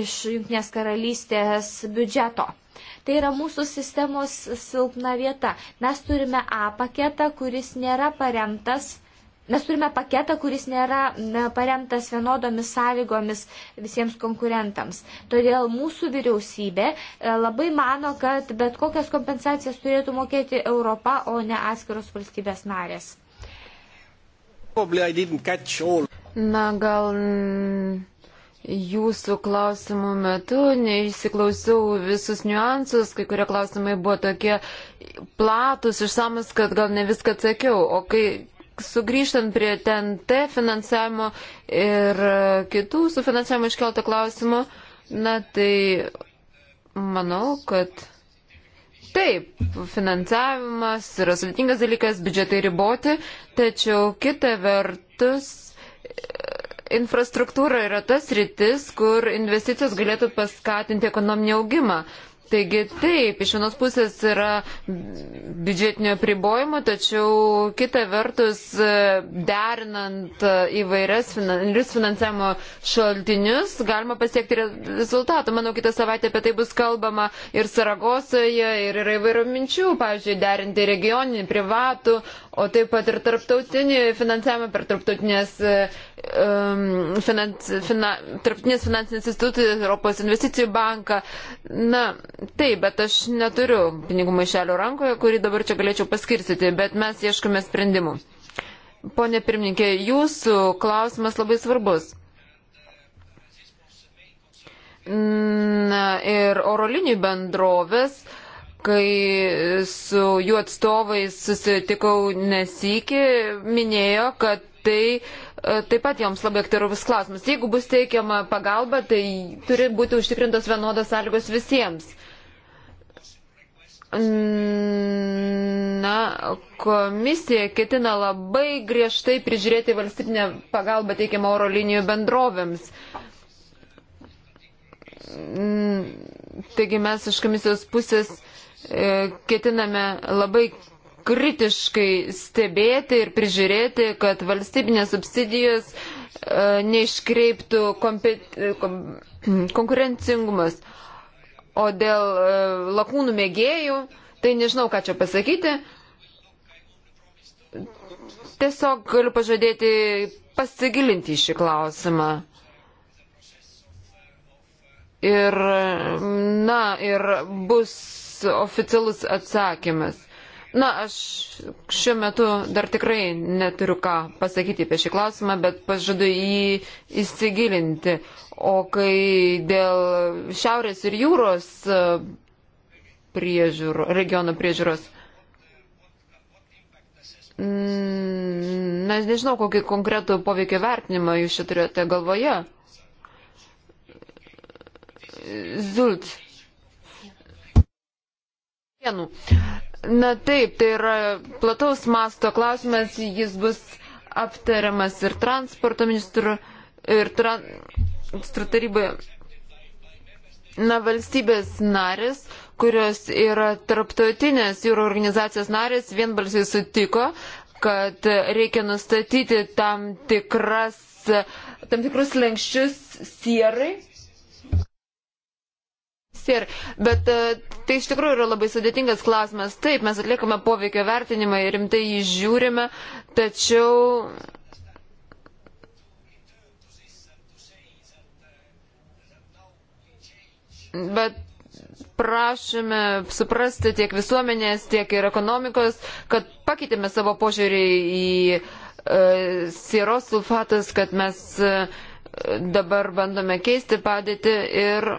iš Junktinės karalystės biudžeto. Tai yra mūsų sistemos silpna vieta. Mes turime A paketą, kuris nėra paremtas. Mes turime paketą, kuris nėra paremtas vienodomis sąlygomis visiems konkurentams. Todėl mūsų vyriausybė e, labai mano, kad bet kokias kompensacijas turėtų mokėti Europa, o ne atskiros valstybės narės. Na, gal jūsų klausimų metu neįsiklausiau visus niuansus, kai kurie klausimai buvo tokie platus, išsamus, kad gal ne viską atsakiau. O kai sugrįžtant prie TNT finansavimo ir kitų su finansavimu iškeltų klausimų, na tai manau, kad Taip, finansavimas yra sudėtingas dalykas, biudžetai riboti, tačiau kita vertus e, infrastruktūra yra tas rytis, kur investicijos galėtų paskatinti ekonominį augimą. Taigi taip, iš vienos pusės yra biudžetinio pribojimo, tačiau kita vertus, e, derinant e, įvairias finansavimo šaltinius, galima pasiekti rezultatų. Manau, kitą savaitę apie tai bus kalbama ir Saragosoje, ir yra įvairių minčių, pavyzdžiui, derinti regioninį, privatų, o taip pat ir tarptautinį finansavimą per tarptautinės, um, finans, fina, tarptautinės finansinės institucijas, Europos investicijų banką. Na, taip, bet aš neturiu pinigų maišelio rankoje, kurį dabar čia galėčiau paskirstyti, bet mes ieškome sprendimų. Pone pirmininkė, jūsų klausimas labai svarbus. Na, ir oro linijų bendrovės uh, kai su jų atstovais susitikau nesikį, minėjo, kad tai e, taip pat joms labai aktualus klausimas. Jeigu bus teikiama pagalba, tai turi būti užtikrintos vienodos sąlygos visiems. Na, komisija ketina labai griežtai prižiūrėti valstybinę pagalbą teikiamą oro linijų bendrovėms. Taigi mes iš komisijos pusės uh, E, ketiname labai kritiškai stebėti ir prižiūrėti, kad valstybinės subsidijos e, neiškreiptų kom konkurencingumas. O dėl e, lakūnų mėgėjų, tai nežinau, ką čia pasakyti. Tiesiog galiu pažadėti pasigilinti į šį klausimą. Ir, na, ir bus oficialus atsakymas. Na, aš šiuo metu dar tikrai neturiu ką pasakyti apie šį klausimą, bet pažadu jį įsigilinti. O kai dėl šiaurės ir jūros e, priežiūro, regiono priežiūros. Mm, na, nežinau, kokį konkretų poveikio vertinimą jūs čia turėjote galvoje. Zult sienų. Na taip, tai yra plataus masto klausimas, jis bus aptariamas ir transporto ministru, ir transporto taryboje. Na, valstybės narės, kurios yra tarptautinės jūro organizacijos narės, vienbalsiai sutiko, kad reikia nustatyti tam, tikras, tam tikrus lenkščius sierai ir. Bet e, tai iš tikrųjų yra labai sudėtingas klausimas. Taip, mes atliekame poveikio vertinimą ir rimtai jį žiūrime, tačiau. Bet prašome suprasti tiek visuomenės, tiek ir ekonomikos, kad pakeitėme savo požiūrį į e, sieros sulfatus, kad mes e, dabar bandome keisti padėtį ir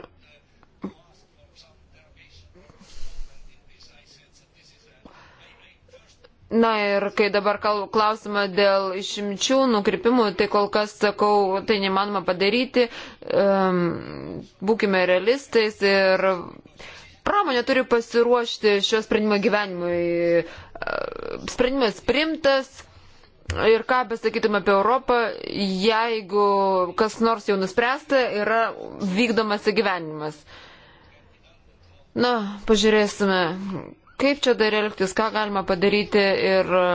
Na ir kai dabar klausimą dėl išimčių, nukrypimų, tai kol kas sakau, tai nemanoma padaryti. Um, būkime realistais ir pramonė turi pasiruošti šio sprendimo gyvenimui. Sprendimas primtas. Ir ką besakytume apie Europą, jeigu kas nors jau nuspręsta, yra vykdomas įgyvenimas. Na, pažiūrėsime, Kaip čia dar elgtis, ką galima padaryti ir e,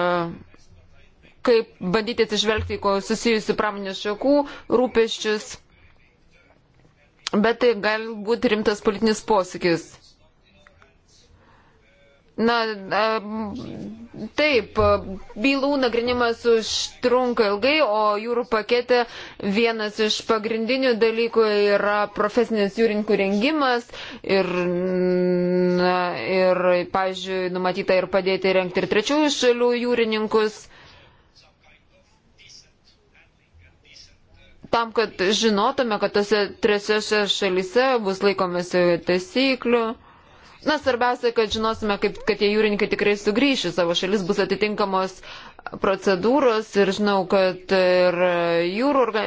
kaip bandyti atsižvelgti į susijusių pramonės šakų rūpeščius. Bet tai gali būti rimtas politinis posūkis. Na, Taip, bylų nagrinimas užtrunka ilgai, o jūrų pakete vienas iš pagrindinių dalykų yra profesinės jūrininkų rengimas ir, na, ir pavyzdžiui, numatyta ir padėti renkti ir trečiųjų šalių jūrininkus. Tam, kad žinotume, kad tose trečiose šalise bus laikomasi taisyklių. Na, svarbiausia, kad žinosime, kaip, kad tie jūrininkai tikrai sugrįš į savo šalis, bus atitinkamos procedūros ir žinau, kad ir jūrų orga...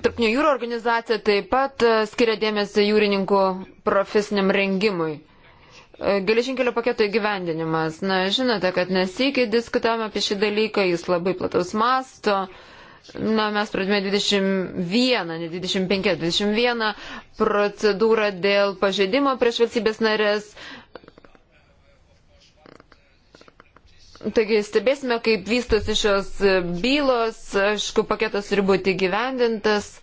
Tarpnių jūrų organizacija taip pat e, skiria dėmesį jūrininkų profesiniam rengimui. E, geležinkelio paketo įgyvendinimas. Na, žinote, kad nesikį diskutavome apie šį dalyką, jis labai plataus masto. Uh, Na, mes pradėjome 21, ne 25, 21 procedūrą dėl pažeidimo prieš valstybės narės. Taigi stebėsime, kaip vystosi šios bylos, aišku, paketas turi būti gyvendintas.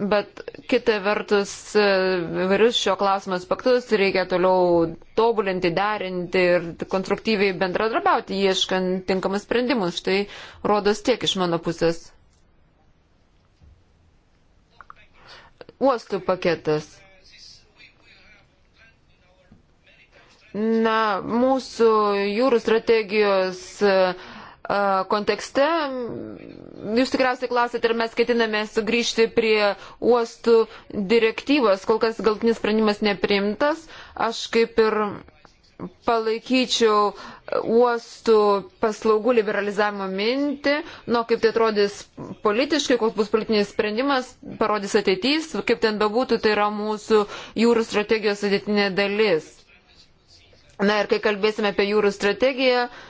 Bet kita vertus, e, vairius šio klausimo aspektus reikia toliau tobulinti, derinti ir konstruktyviai bendradarbiauti, ieškant tinkamus sprendimus. Štai rodos tiek iš mano pusės. Uostų paketas. Na, mūsų jūrų strategijos uh, kontekste. Jūs tikriausiai klausėte, ar mes ketiname sugrįžti prie uostų direktyvos. Kol kas galtinis sprendimas neprimtas. Aš kaip ir palaikyčiau uostų paslaugų liberalizavimo mintį, nuo kaip tai atrodys politiškai, koks bus politinis sprendimas, parodys ateitys, kaip ten bebūtų, tai yra mūsų jūrų strategijos sudėtinė dalis. Na ir kai kalbėsime apie jūrų strategiją, uh,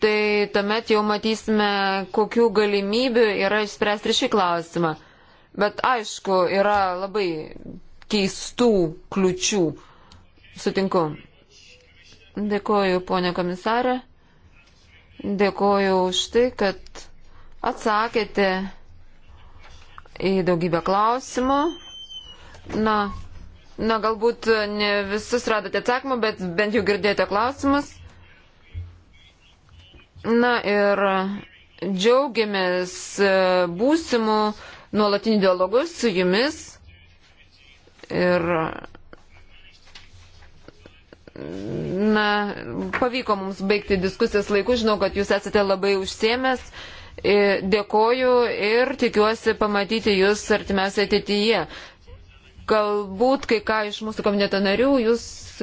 tai tuomet jau matysime, kokių galimybių yra išspręsti šį klausimą. Bet aišku, yra labai keistų kliučių. Sutinku. Dėkoju, ponė komisarė. Dėkoju už tai, kad atsakėte į daugybę klausimų. Na, na galbūt ne visus radote atsakymą, bet bent jau girdėjote klausimus. Na ir džiaugiamės e, būsimų nuolatinių dialogų su jumis ir na, pavyko mums baigti diskusijas laiku, žinau, kad jūs esate labai užsiemęs. E, dėkoju ir tikiuosi pamatyti jūs artimiausiai ateityje. Galbūt kai ką iš mūsų komiteto narių jūs